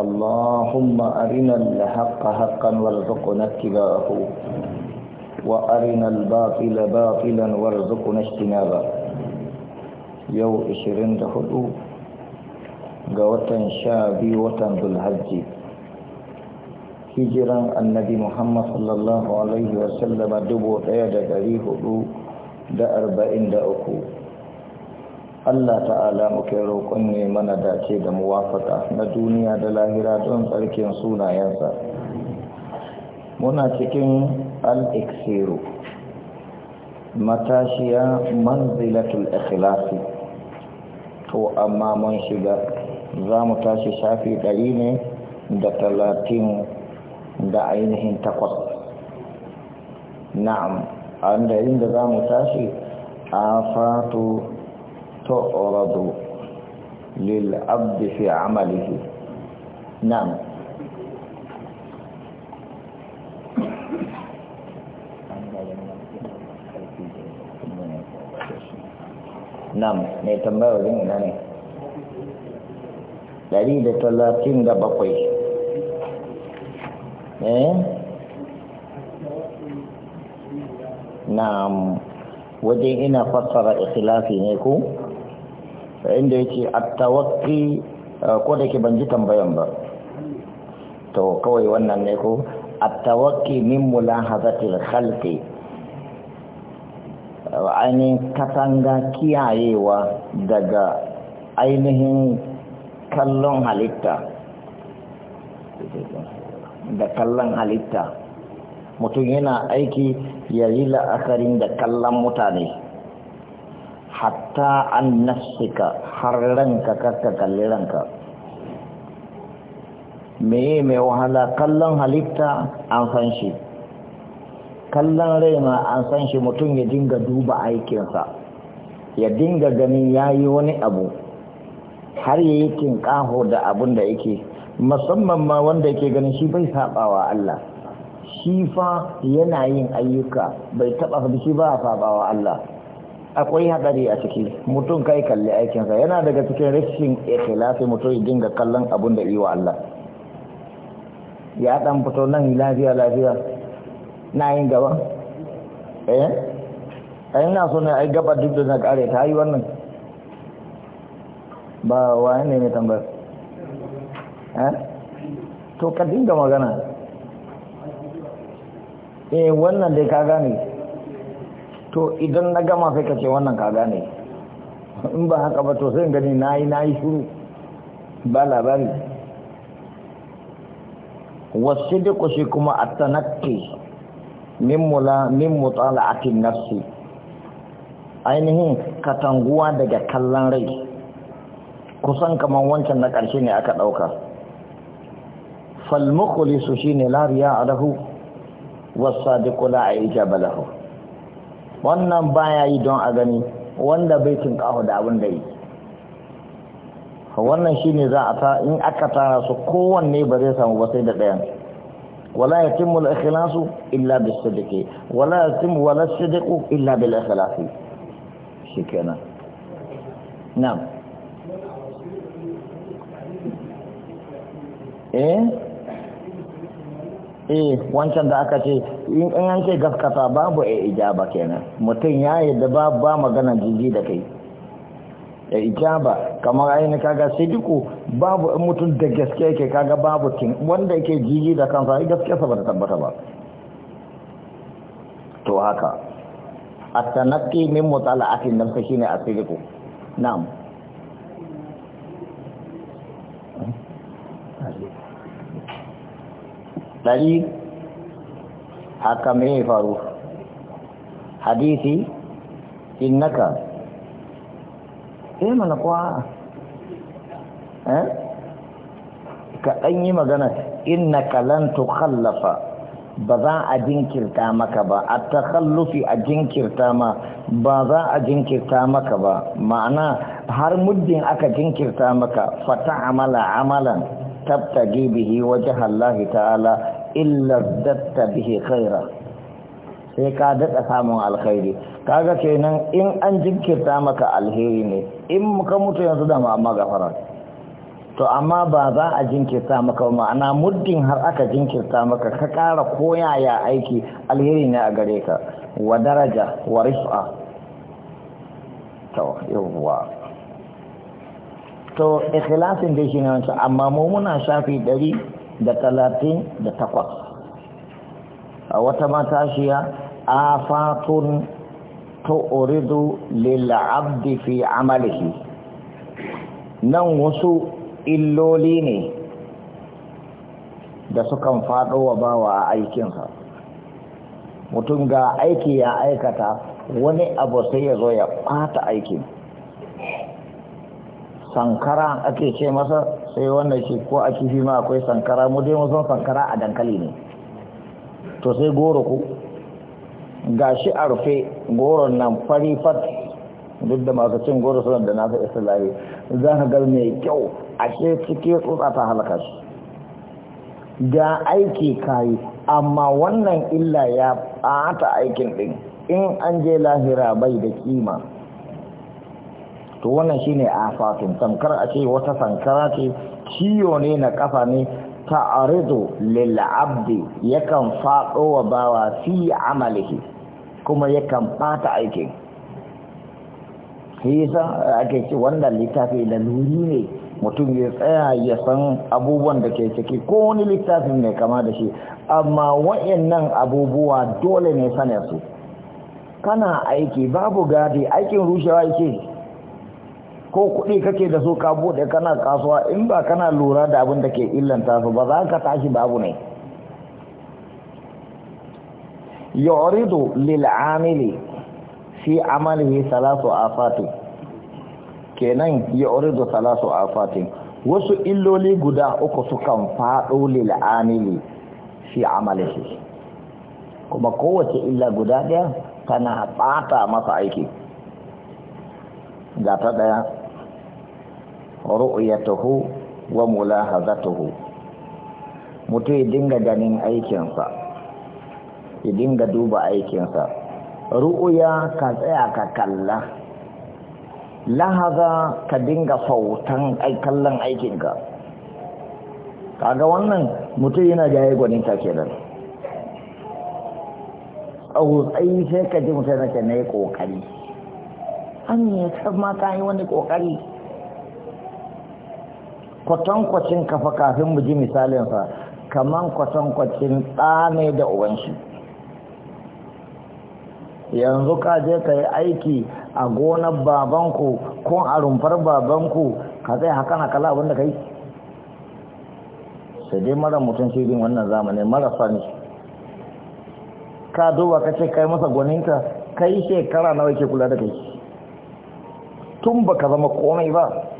اللهم أرنا الحق حقا وارزقنا اتباعه وأرنا الباطل باطلا وارزقنا اجتنابه يو إشرين دخلو قوتا شابي وطن ذو الحج هجرا النبي محمد صلى الله عليه وسلم دبو تيادة قريه دا أربعين دا أكو Allah ta'ala muke roƙon ne mana dace da muwafaka na duniya da lahira don tsarkin sunayensa. Muna cikin al-iksiru, matashiya manzilatul ikhlasi. To, amma mun shiga za mu tashi shafi ɗari ne da talatin da ainihin takwas. Na'am, an da inda za mu tashi, a fatu تعرض للعبد في عمله نعم نعم نعم وزين ناني لدي ده تلاتين ده نعم وزين انا فصر اخلافي inda yake attawakki eh, ko da ke ban ji tambayan ba to kawai wannan ne ko attawakki min mulahazatil khalqi eh, ani katanga kiyayewa daga ainihin kallon halitta da kallon halitta mutum yana aiki yayi yi la'akarin da kallon mutane hatta an nafsika har ranka karka kalli ranka meye mai wahala kallon halitta an san shi kallon rai ma an san shi mutum ya dinga duba aikinsa ya dinga ganin ya yi wani abu har ya yi kaho da abun da yake musamman ma wanda yake ganin shi bai sabawa Allah shi fa yana yin ayyuka bai taba shi ba a sabawa Allah akwai hadari a ciki mutum kai kalli aikinsa yana daga cikin rashin ikhlasi mutum ya dinga kallon abin da iwa Allah ya dan fito nan lafiya lafiya na yin gaba eh ai ina so ne ai gaba duk da na kare ta yi wannan ba wa ne ne tambayar eh to ka dinga magana eh wannan dai ka gane to idan na gama sai ka ce wannan ka ne, in ba haka ba to sai gani na yi na yi shuru ba labari wasu da shi kuma a tanakki min a nafsi ainihin katanguwa daga kallon rai kusan kamar wancan na ƙarshe ne aka ɗauka su shi ne lariya a rahu wasu sadikula a ijabalahu wannan baya yi don a gani wanda baitin ƙahu da abin da yi wannan shi ne za a ta in aka tara su kowanne ba zai samu ba sai da ɗayan wala ya timu al'akhilasu illa da sadiƙe wala ya timu wala sadiƙu illa da al'akhilasu shi kenan na'am eh eh wancan da aka ce in an ce gaskata babu a e ijaba kenan mutum ya yadda ba ba magana jiji da kai ya e ijaba kamar ainihin kaga sidiku babu in mutum da gaske yake kaga babu tin wanda yake jiji da kansa ai gaske sa bata tabbata ba to haka at-tanaqqi min mutala'atin nafsi shine asidiku na'am ɗari haka me faru hadisi innaka eh mana kuwa eh ka ɗan yi magana innaka lan tukhallafa ba za a jinkirta maka ba a takhallufi a jinkirta ma ba za a jinkirta maka ba ma'ana har muddin aka jinkirta maka fata amala amalan tabtagi bihi wajen Allah ta'ala illar datta bihi khaira sai ka daɗa samun alkhairi kaga kenan in an jinkirta maka alheri ne in ka mutu yanzu da ma'amma gafara to amma ba za a jinkirta maka ma'ana muddin har aka jinkirta maka ka ƙara koyaya aiki alheri ne a gare ka wa daraja wa rif'a yawwa to ikhlasin shi shine wancan amma mu muna shafi ɗari da talatin da takwas a wata matashiya afatun tu'ridu lila abdi fi amalihi nan wasu illoli ne da sukan faɗo wa bawa a aikinsa mutum ga aiki ya aikata wani abu sai ya zo ya ɓata aikin sankara ake ce masa sai wannan shi ko a kifi ma akwai sankara mu dai sankara a dankali ne to sai goro ku gashi a rufe goron nan fari fat duk da masu cin goro suna da nasu islami za ka gar mai kyau a ce cike tsotsa ta halaka shi ga aiki kayi amma wannan illa ya ɓata aikin ɗin in an je lahira bai da kima to wannan shine afatun sankar a ce wata sankara ce ciyo ne na kafa ne ta lil'abdi ya yakan faɗo wa bawa fi amalihi kuma ya yakan bata aikin shi yasa ake ce wannan littafi laluri ne mutum ya tsaya ya san abubuwan da ke ciki ko wani littafin mai kama da shi amma wa'annan abubuwa dole ne sanar su kana aiki babu gadi aikin rushewa ce ko kuɗi kake da su ka buɗe kana kasuwa in ba kana lura da abin da ke illanta su ba za ka tashi babu ne yuridu lil fi amalihi a afati kenan salasu a afati wasu illoli guda uku sukan faɗo lil'amili amili fi amalihi kuma kowace illa guda ɗaya tana ɓata masa aiki ga ta ɗaya ru'yatuhu wa mulahazatuhu mutum ya dinga ganin aikinsa ya dinga duba aikinsa ru'ya ka tsaya ka kalla lahaza ka dinga fautan kallon aikinka kaga wannan mutum yana jaye ta kenan tsautsayi sai ka ji mutum na ke na yi ƙoƙari an yi mata yi wani ƙoƙari kwatankwacin kafa kafin mu ji misalinsa kaman kwatankwacin ɗa ne da uwanshi yanzu ka je ka yi aiki a gonar babanku ko a rumfar babanku ka zai haka na kala abinda ka yi sai dai mara mutum shi wannan zamani mara sani ka duba ka ce kai masa gwaninka kai shekara nawa ke kula da kai tun ba ka zama komai ba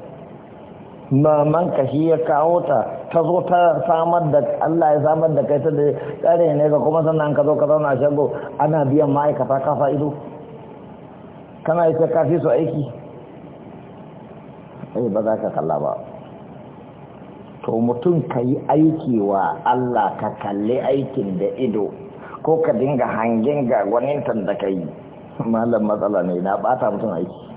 maman ka shi ya kawo ta ta zo ta samar da Allah ya samar da kai ta da tsare ne ga kuma sannan ka zo ka zauna shago ana biyan ma'aikata ka fa'ido kana yi ka fi su aiki eh ba za ka kalla ba to mutum ka yi aiki wa Allah ka kalli aikin da ido ko ka dinga hangen ga gwanintan da ka yi malam matsala ne na bata mutum aiki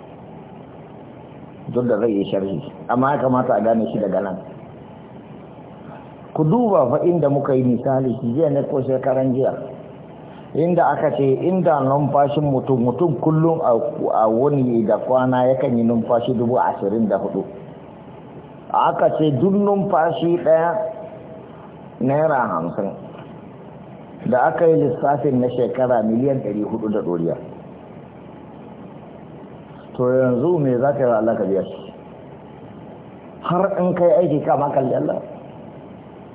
duk da zai yi sharhi amma ya kamata a gane shi daga nan ku duba fa inda muka yi misali jiya ne ko shekaran jiya inda aka ce inda numfashin mutum mutum kullum a wani da kwana yakan yi numfashi dubu ashirin da hudu aka ce duk numfashi ɗaya naira hamsin da aka yi lissafin na shekara miliyan ɗari hudu da ɗoriya to yanzu me za ka yi wa Allah ka biya shi har in kai aiki ka ma kalli Allah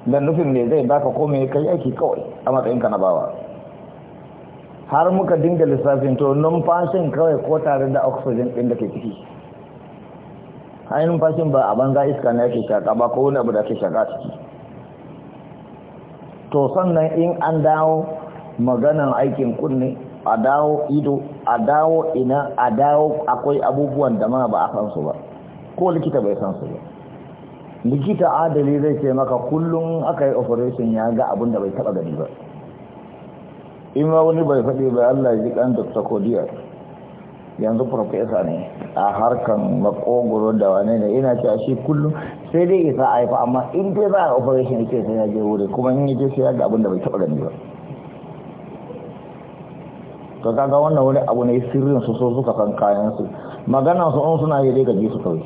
dan nufin me zai baka ko me kai aiki kawai a matsayin ka na bawa har muka dinga lissafin to numfashin kawai ko tare da oxygen din da ke ciki ai numfashin ba a banza iska ne yake shaka ba ko wani abu da ke shaka ciki to sannan in an dawo maganan aikin kunne a dawo ido a dawo ina a dawo akwai abubuwan da ma ba a san su ba ko likita bai san su ba likita adali zai ce maka kullum aka yi operation ya ga abin da bai taba gani ba in ma wani bai faɗi ba Allah ji kan Dr. Kodiya yanzu professor ne a harkan makogoro da wane ne ina cewa shi kullum sai dai isa a amma in dai za a operation yake sai ya je wuri kuma in yake sai ya ga abin da bai taba gani ba ka kaga wannan wani abu ne sirrin su so suka kan kayan su magana su on suna yi dai gaji su kawai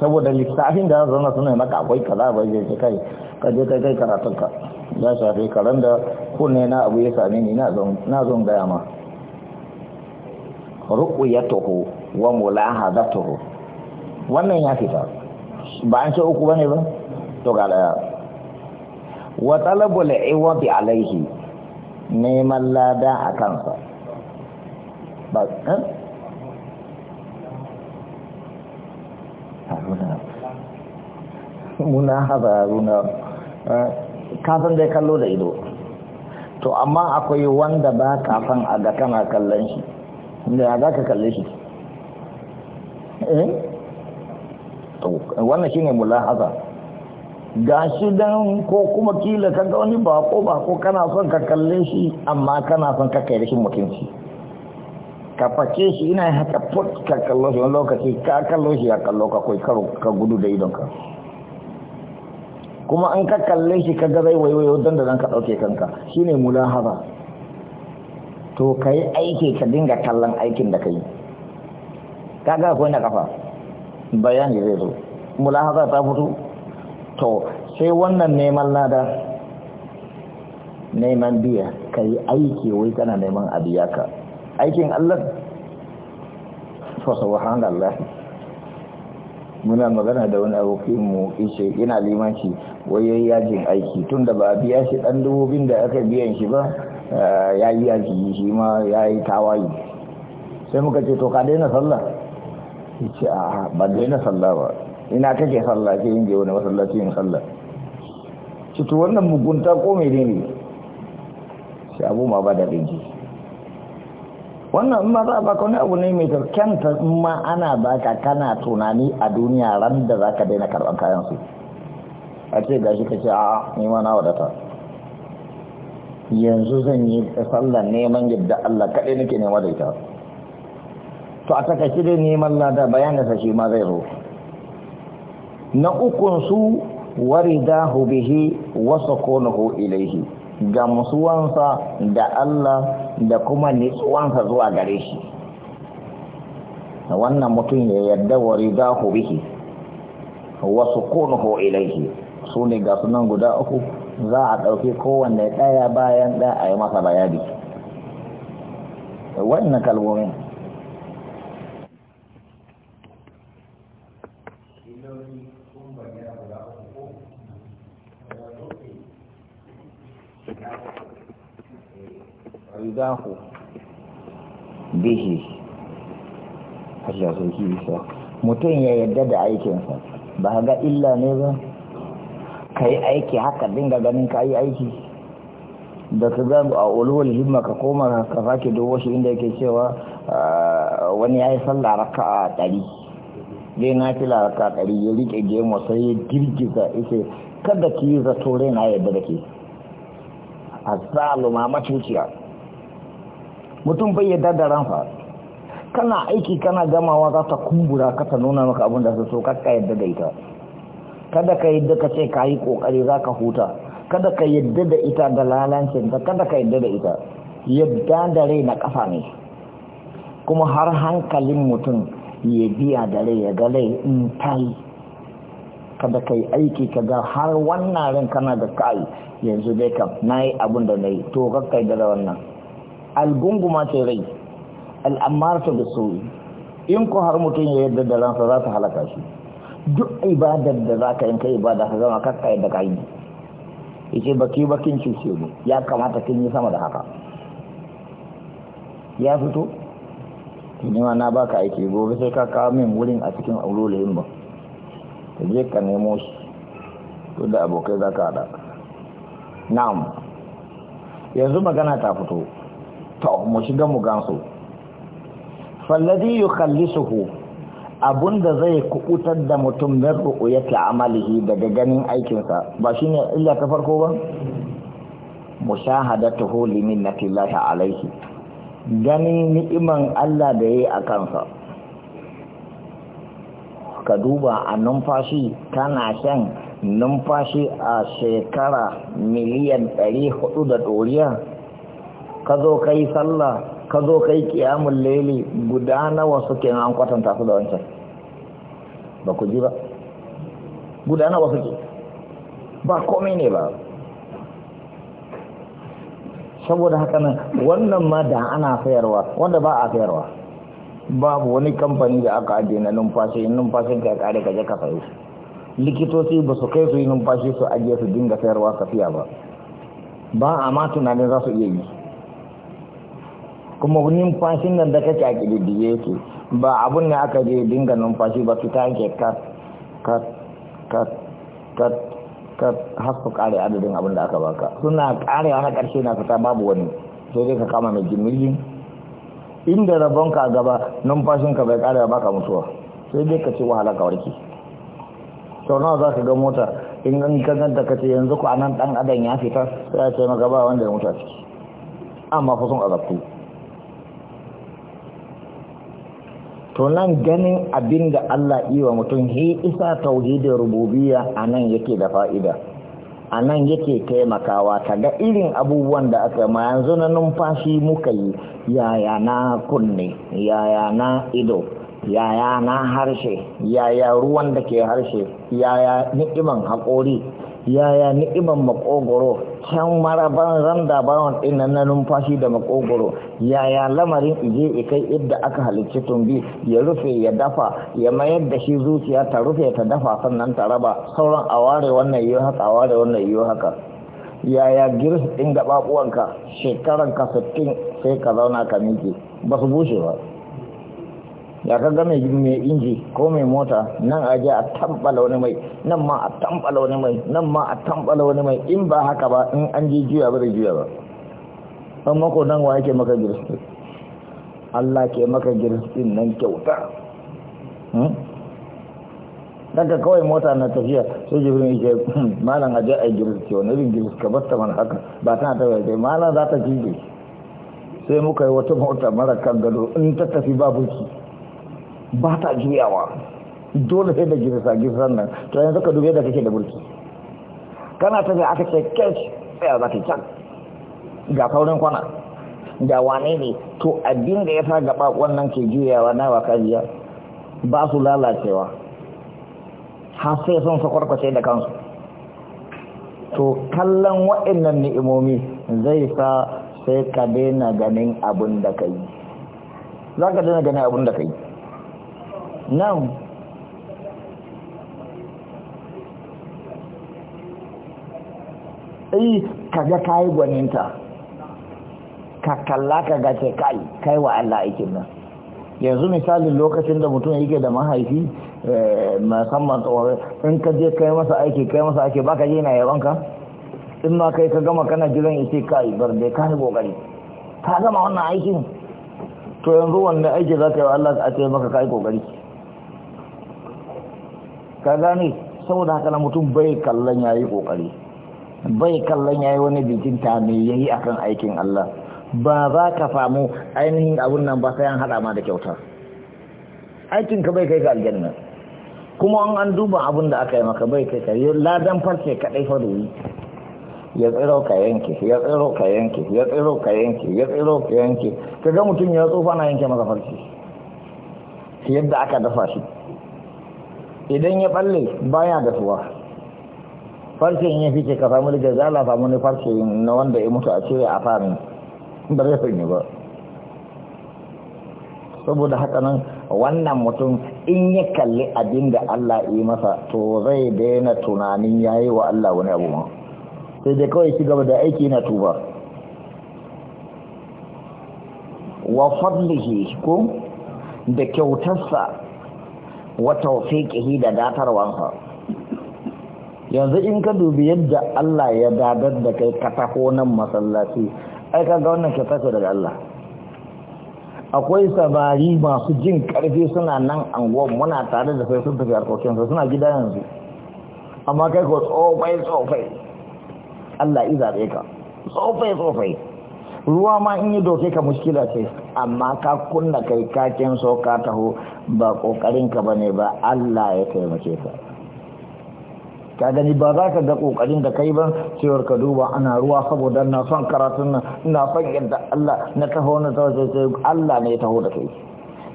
saboda lissafin da zan suna maka akwai kaza ba je kai ka je kai kai karatun ka ya shafe karan da kunne na abu ya same ni na zon na zon gaya ma ruqyatuhu wa mulahadatuhu wannan ya fita ba an ce uku bane ba to ga daya wa talabul iwadi alaihi neman lada a kansa ba eh? haruna muna haza runa eh, kafin dai kallo da ido to amma akwai wanda ba kafin a ga kana kallon shi da za ka kalle shi eh wannan shine mulahaza gashi dan ko kuma kila ka ga wani bako bako kana son ka kalle shi amma kana son ka kai rashin mutunci ka fake shi ina haka put ka kallo shi wani lokaci ka kallo shi ya kallo ka kai karo ka gudu da idonka kuma an ka kalle shi kaga zai waiwayo dan da ka dauke kanka shine mulahaba to kai aiki ka dinga kallon aikin da kai kaga akwai na kafa bayani zai zo mulahaba ta fito to sai wannan neman lada neman biya ka yi aiki wai kana neman a biya ka aikin allah fasa wahan allah muna magana da wani abokin mu ishe ina limanci wai yayi yajin aiki tun da ba a biya shi dan dubobin da aka biyan shi ba eh, ya yi yaji shi ma ya yi tawayi sai muka ce to ka daina sallah ya ce a ba daina sallah ba ina kake sallah ke yin wani masallaci yin sallah ciki wannan mugunta ko mai dini shi abu ma ba da ɗinki wannan ma za a baka wani abu ne mai tarkanta in ma ana baka kana tunani a duniya ran da za ka daina karɓar kayan su a ce gashi ka ce a ni ma na wadata yanzu zan yi sallah neman yadda Allah kaɗai nake nema da ita to a takaice dai neman lada bayan sa shi ma zai zo na ukun su waridahu bihi wa sukunuhu ilaihi musuwansa da Allah da kuma nitsuwansa zuwa gare shi wannan mutum ya yarda waridahu bihi wa sukunuhu ilaihi su ne ga sunan guda uku za a ɗauki kowanne ɗaya bayan ɗaya a yi masa bayani wannan kalmomin ridahu bihi Allah mutum ya yadda da aikinsa ba ga illa ne ba ka yi aiki haka dinga ganin ka yi aiki da ka ga a ulul himma ka koma ka sake dubo shi inda yake cewa ah, wani ya yi sallah raka a ɗari dai na fila raka a ɗari ya riƙe gemu sai ya girgiza ita kada ki yi zato rai na yadda da ke ma matuciya mutum bai yadda da ranfa kana aiki kana gamawa za ta kumbura ka ta nuna maka abin da su so ka yadda da ita kada ka yadda ka ce ka yi kokari za ka huta kada ka yadda da ita da lalancinta kada ka yadda da ita yadda da rai na ƙasa ne kuma har hankalin mutum ya biya da rai ya ga rai in ta kada ka yi aiki ka ga har wannan ran kana da kai yanzu dai kam na yi abin da na yi to kakka yi da wannan algunguma ce rai al'amarta da soyi in ko har mutum ya yadda da ransa za ta halaka shi duk ibadar da za ka yi ka ibada ka zama kakka yadda ka yi ce baki bakin cuce ne ya kamata kin yi sama da haka ya fito ne ma na baka aiki gobe sai ka kawo min wurin a cikin aurolayin ba je ka nemo su to da abokai za ka haɗa na'am yanzu magana ta fito ta mu shiga mu gansu falladi yukhallisuhu abunda zai kukutar da mutum min ta amalihi daga ganin aikinsa ba shine illa ta farko ba Mu mushahadatuhu na minnatillahi alayhi ganin ni'iman Allah da yayi a kansa ka duba a numfashi tana shan numfashi a shekara miliyan ɗari da ɗoriya ka zo ka yi sallah ka zo ka yi kiyamun laili guda nawa suke an kwatanta su da wancan ba ku ji ba guda nawa suke ba komai ne ba saboda haka nan wannan ma da ana sayarwa wanda ba a sayarwa babu wani kamfani da aka ajiye na numfashi in numfashin ka ya kare ka je ka sayo likitoci ba su kai su yi numfashi su ajiye su dinga sayarwa tafiya ba ba a ma tunanin za su iya yi kuma numfashin nan da kake a kididdige yake ba abun ne aka je dinga numfashi ba ta yake kat kat kat kat kat har su kare adadin abin da aka baka suna karewa na karshe na fita babu wani sai dai ka kama mai jimilli inda rabonka a gaba numfashin ka bai kare baka mutuwa sai dai ka ce wahala ka warki, sau nawa za ka ga mota in an da ka ce yanzu ku anan dan adam ya fita sai ya ce magaba ba wanda ya mutu a ciki amma fa sun azabtu to nan ganin abin da Allah yi wa mutum he isa tauhidin rububiyya nan yake da fa'ida a nan yake taimakawa ta ga irin abubuwan da aka ma yanzu na numfashi muka yi yaya na kunne yaya na ido yaya na harshe yaya ruwan da ke harshe yaya ni'iman haƙori yaya ni'iman makogoro can maraban randa bawan dinnan na numfashi da makogoro yaya lamarin ije kai idda aka halicci tumbi ya rufe ya dafa ya mayar da shi zuciya ta rufe ta dafa sannan ta raba sauran a ware wannan yiwu haka a ware wannan yiwu haka yaya girs din gaɓaɓuwanka shekaranka sittin sai ka zauna ka miki ba su bushe ba ya ka ga mai inji ko mai mota nan aje a tambala wani mai nan ma a tambala wani mai nan ma a tambala wani mai in ba haka ba in an ji juya ba da juya ba an mako nan wa yake maka girsi Allah ke maka girsin nan kyauta hmm? daga kawai mota na tafiya sai jibirin yake hmm, malam aje a girsi wani irin girsi ka basta mana haka ba tana ta waje malam za ta jige sai muka yi wata mota mara kan gado in ta tafi babu ki ba ta juyawa dole sai da girsa girsan nan to yanzu ka dube da kake da burki kana tafiya aka ce cash tsaya za ka can ga saurin kwana ga wane ne to abin da ya sa gaba wannan ke juyawa na kariya ba su lalacewa har sai sun kwarkwace da kansu to kallon waɗannan ni'imomi zai sa sai ka daina ganin abin da ka yi za ka daina ganin abin da ka yi na'am ai kaga kayi gwaninta ka kalla ka ga ce kai kai wa Allah aikin nan yanzu misalin lokacin da mutum yake da mahaifi eh, musamman tsoron in ka je kai masa aiki kai masa aiki baka je na yabanka in ma kai ka gama kana jiran ita kai bar dai kai kokari ka gama wannan aikin to yanzu wannan aiki za ka yi wa Allah a ce maka kai kokari ka gane saboda haka na mutum bai kallon ya yi ƙoƙari bai kallon ya yi wani ta mai ya yi akan aikin Allah ba za ka samu ainihin abun nan ba sai an haɗa ma da kyauta aikin ka bai kai ga aljanna kuma an an duba abun da aka yi maka bai kai ka yi ladan farce kaɗai fa yi ya tsiro ka yanke ya tsiro ka yanke ya tsiro ka yanke ya tsiro ka yanke ka ga mutum ya tsofa na yanke maka farce yadda aka dafa shi idan ya balle baya da tuwa farce in ya fice ka samu da za samu ne farce na wanda ya mutu a cire a farin ba zai sanyi ba saboda haka nan wannan mutum in ya kalli abin da Allah yi masa to zai daina tunanin ya yi wa Allah wani abu ma sai dai kawai shi gaba da aiki na tuba wa fadlihi ko da kyautarsa wa tawfiqihi da datarwansa yanzu in ka dubi yadda Allah ya dadar da kai ka nan masallaci ai ka ga wannan kyauta daga Allah akwai sabari masu jin karfi suna nan anguwa muna tare da sai sun tafi su suna gida yanzu amma kai ko tsofai tsofai Allah iza ka tsofai tsofai ruwa ma in yi doke ka mushkila ce amma ka kunna kai kakin so ka taho ba kokarin ka bane ba Allah ya taimake ka ka gani ba za ka ga kokarin da kai ba cewar ka duba ana ruwa saboda na son karatun nan ina son yadda Allah na taho na taho sai Allah ne ya taho da kai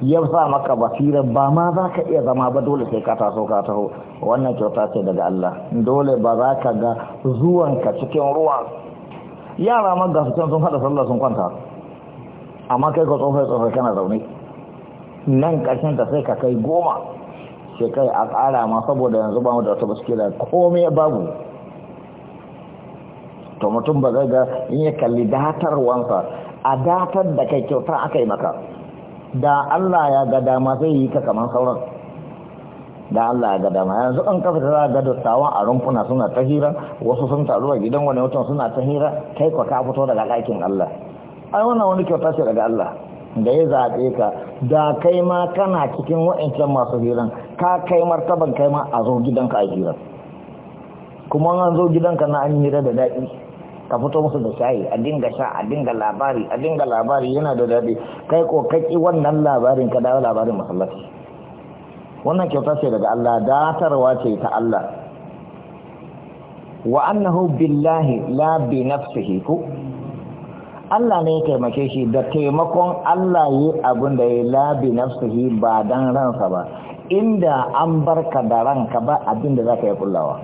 ya sa maka basira ba ma za ka iya zama ba dole sai ka taso ka taho wannan kyauta ce daga Allah dole ba za ka ga zuwanka cikin ruwa. yara ma ga sun sun hada sallah sun kwanta amma kai ka tsofai tsofai kana zaune nan ƙarshen ta sai ka kai goma sai kai a tsara ma saboda yanzu ba mu da wata da komai babu to mutum ba zai ga in ya kalli datarwansa a datar da kai kyauta aka yi maka da Allah ya ga dama zai yi ka kamar sauran da Allah ga dama yanzu an kafa ta ga dattawan a rumfuna suna ta hira wasu sun taru a gidan wani mutum suna ta hira kai ko ka fito daga ɗakin Allah ai wannan wani kyauta ce daga Allah da ya zaɓe ka da kai ma kana cikin wa'ancan masu hiran ka kai martaban kai ma a zo gidanka a hira kuma an zo gidanka na an hira da daɗi ka fito musu da shayi a dinga sha a dinga labari a dinga labari yana da daɗi kai ko kaki wannan labarin ka dawo labarin masallaci wannan kyauta ce daga Allah datarwa ce ta Allah wa annahu billahi la bi nafsihi ku Allah ne ya taimake shi da taimakon Allah yi abin da ya labi nafsihi ba dan ransa ba inda an barka da ranka ba abin da zaka yi kullawa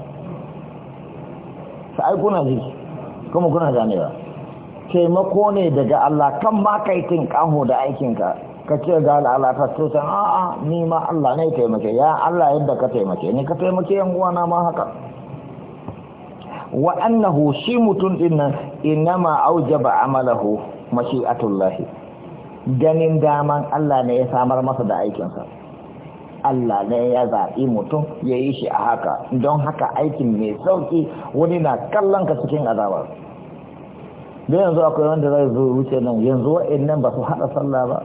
sai kuna ji kuma kuna ganewa taimako ne daga Allah kan ma kai da aikinka ka ce ga lalatattu san a'a ni ma Allah ne taimake ya Allah yadda ka taimake ni ka taimake yan uwana ma haka wa annahu shi mutun din nan inma aujaba amalahu mashi'atullah ganin daman Allah ne ya samar masa da aikinsa Allah ne ya zaɓi mutum ya yi shi a haka don haka aikin mai sauƙi wani na kallon ka cikin azaba da yanzu akwai wanda zai zo wuce nan yanzu wa'in nan ba su haɗa sallah ba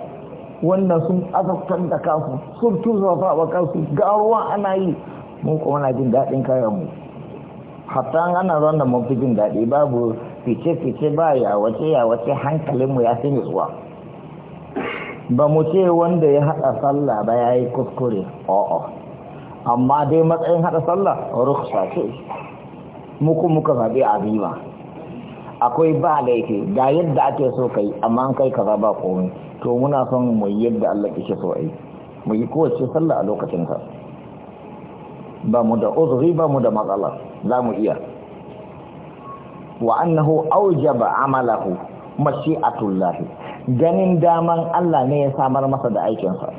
wannan sun azabtar da kansu sun tuzafa wa kansu ga ruwa ana yi mun kuma na jin daɗin kayan mu hatta ana zanda mun fi jin daɗi babu fice-fice ba ya wace ya wace hankalin mu ya fi nutsuwa ba mu ce wanda ya haɗa sallah ba ya yi kuskure o'o amma dai matsayin haɗa sallah ruksa ce muku muka zaɓi azima akwai ba laifi ga yadda ake so kai amma an kai kaza ba komai to muna son mu yadda Allah yake so ai mu yi kowace sallah a lokacin ka ba mu da uzuri ba mu da matsala za mu iya wa annahu aujaba amalahu mashi'atullahi ganin daman Allah ne ya samar masa da aikinsa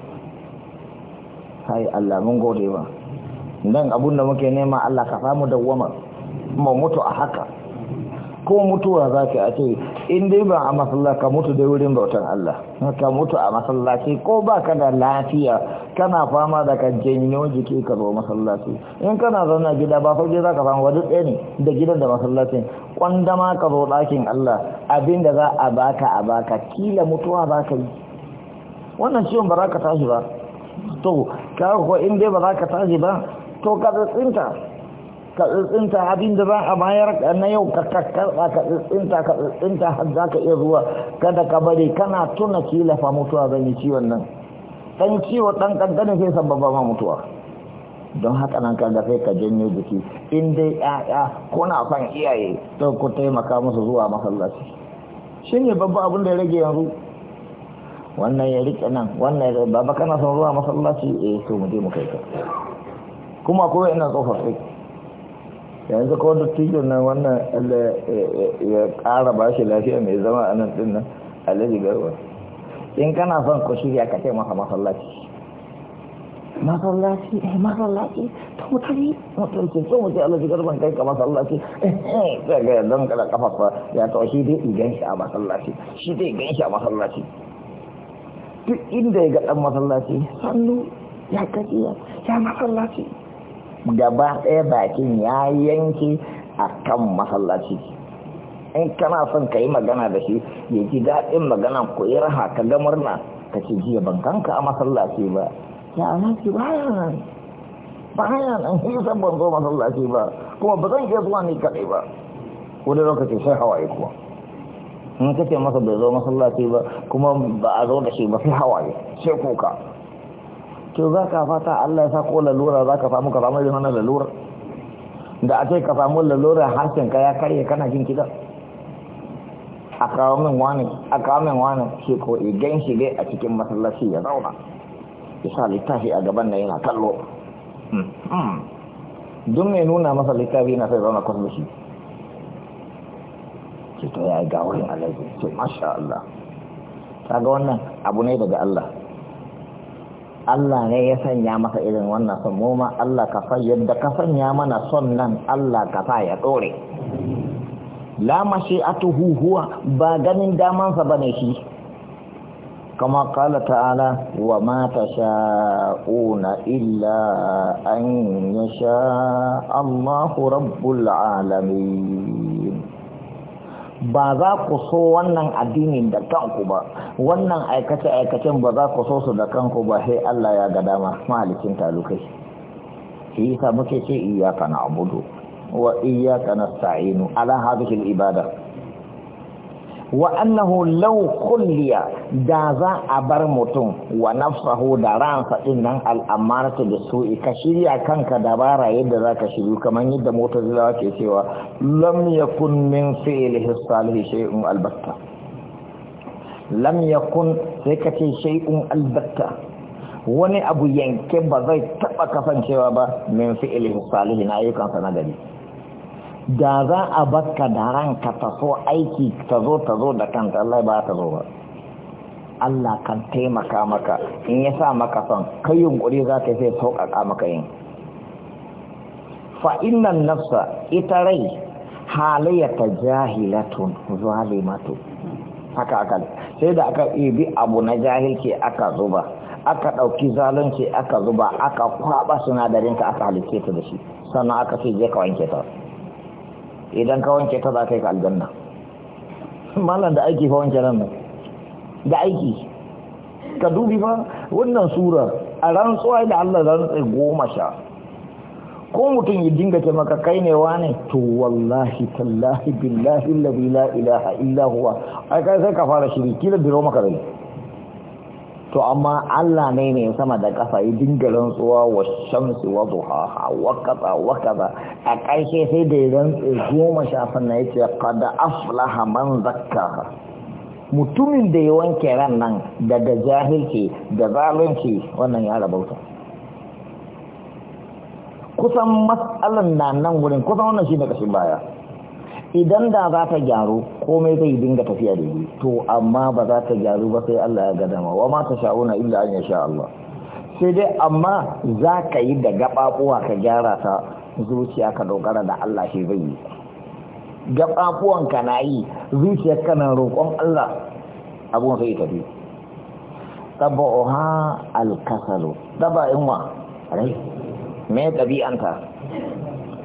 sai Allah mun gode ba dan abun da muke nema Allah ka samu dawwama mu mutu a haka ko mutuwa za ka a ce in dai ba a masallaci ka mutu da wurin bautan Allah ka mutu a masallaci ko ba ka da lafiya kana fama da ka janyo jiki ka zo masallaci in kana zauna gida ba fage za ka samu wani tsaye ne da gidan da masallacin kwandama ka zo ɗakin Allah abin da za a baka a baka kila mutuwa za ka yi wannan ciwon ba za ka tashi ba to ka ko in dai ba za ka tashi ba to ka tsinta ka tsintsinta abin da za a bayar na yau ka karɓa ka tsintsinta ka tsintsinta har za ka iya zuwa kada ka bari kana tuna kilafa mutuwa zan yi ciwon nan ɗan ciwo ɗan ƙanƙanin sai sababa ma mutuwa don haka nan kaga sai ka janyo jiki in dai ƴaƴa kuna son iyaye to ku taimaka musu zuwa masallaci shine babba abin da ya rage yanzu wannan ya rike nan wannan ya baba kana son zuwa masallaci eh to mu je mu kai ka kuma ko ina tsofaffi yanzu ko tijin nan wannan ya ƙara ba shi lafiya mai zama a nan ɗin nan alhaji garba in kana son ku shi ya kace masa masallaci masallaci eh masallaci ta mutane mutum ce so mutum alhaji garban kai ka masallaci eh ga ga don kada fa ya to shi dai igan shi a masallaci shi dai igan shi a masallaci duk inda ya ga dan masallaci hannu ya kaji ya masallaci gaba ɗaya bakin ya yanke a kan masallaci in kana son ka yi magana da shi ya ji daɗin magana ko yi raha ka ga murna ka ce jiya ban kanka a masallaci ba ya alaƙi baya nan baya nan shi san ban zo masallaci ba kuma ba zan iya zuwa ni kaɗai ba wani lokaci sai hawaye kuwa in kace masa bai zo masallaci ba kuma ba a zo da shi ba sai hawaye sai kuka to za ka fata Allah ya sako lalura za ka samu ka samu yana lalura da a ce ka samu lalura harshen ka ya karye kana jin kiɗa a kawo min wani a kawo min wani shi ko idan shi dai a cikin masallaci ya zauna ya sa littafi a gaban na yana kallo hmm, hmm. don mai nuna masa littafi yana sai zauna kwallo shi ce to ya yi gawarin alaji ce masha Allah ta ga wannan abu ne daga Allah Allah ne ya sanya masa irin wannan son mu ma Allah ka fa yadda ka sanya mana son nan Allah ka sa ya dore la mashi'atuhu huwa ba ganin damansa bane shi kama kala ta'ala wa ma tasha'una illa an yasha Allahu rabbul alamin ba za ku so wannan addinin da kanku ba wannan aikace-aikacen ba za ku so su da kanku ba sai Allah ya ga dama mahalicin talukai shi yasa muke ce iyyaka na'budu wa iyyaka nasta'inu ala hadhihi al-ibada wa annahu law kulliya da za a bar mutum wa nafsahu da ransa din nan al'amarta da su'i ka shirya kanka dabara yadda za ka shiryu kamar yadda motar zilawa ke cewa lam yakun min fi'lihi salihi shay'un albatta lam yakun sai ka ce shay'un albatta wani abu yanke ba zai taba kasancewa ba min fi'lihi salihi na ayyukansa na gari da za a baka da ranka ta so aiki ta zo ta zo da kanta Allah ba ta zo ba Allah kan taimaka maka in ya sa maka son kai yunƙuri za ta sai sauƙaƙa maka yin fa'inan nafsa ita rai halayyata jahilatun zalimatu haka aka sai da aka ibi abu na jahilci aka zuba aka ɗauki zalunci aka zuba aka kwaɓa sinadarinka aka halice ta da shi sannan aka ce je ka wanke ta idan ka wanke ta za ka yi ka aljanna malam da aiki fa wanke nan da aiki ka dubi fa wannan sura a ran rantsuwa da Allah zan tsaye goma sha ko mutum ya dinga ce maka kai ne ne to wallahi tallahi billahi la ilaha illa huwa ai kai sai ka fara shiri kila biro maka rai to amma Allah ne ne sama da kafa yi dinga rantsuwa wa shamsu wa duhaha wa kaza wa kaza a ƙarshe sai da rantsi goma shafin na ya ce kada aflaha man zakkaha mutumin da ya wanke ran nan daga jahilci da zalunci wannan ya rabauta kusan matsalan na nan wurin kusan wannan shi ne kashin baya idan da za ta gyaru komai zai dinga tafiya da yi to amma ba za ta gyaru ba sai Allah ya gadama wa ma ta sha'una illa an ya sha sai dai amma za ka yi da gaɓaɓuwa ka gyara ta zuciya ka dogara da Allah shi zai yi gaɓaɓuwan ka na yi zuciyar ka na roƙon Allah abun sai tafi tabba'uha alkasalu daba'in wa rai me ɗabi'anta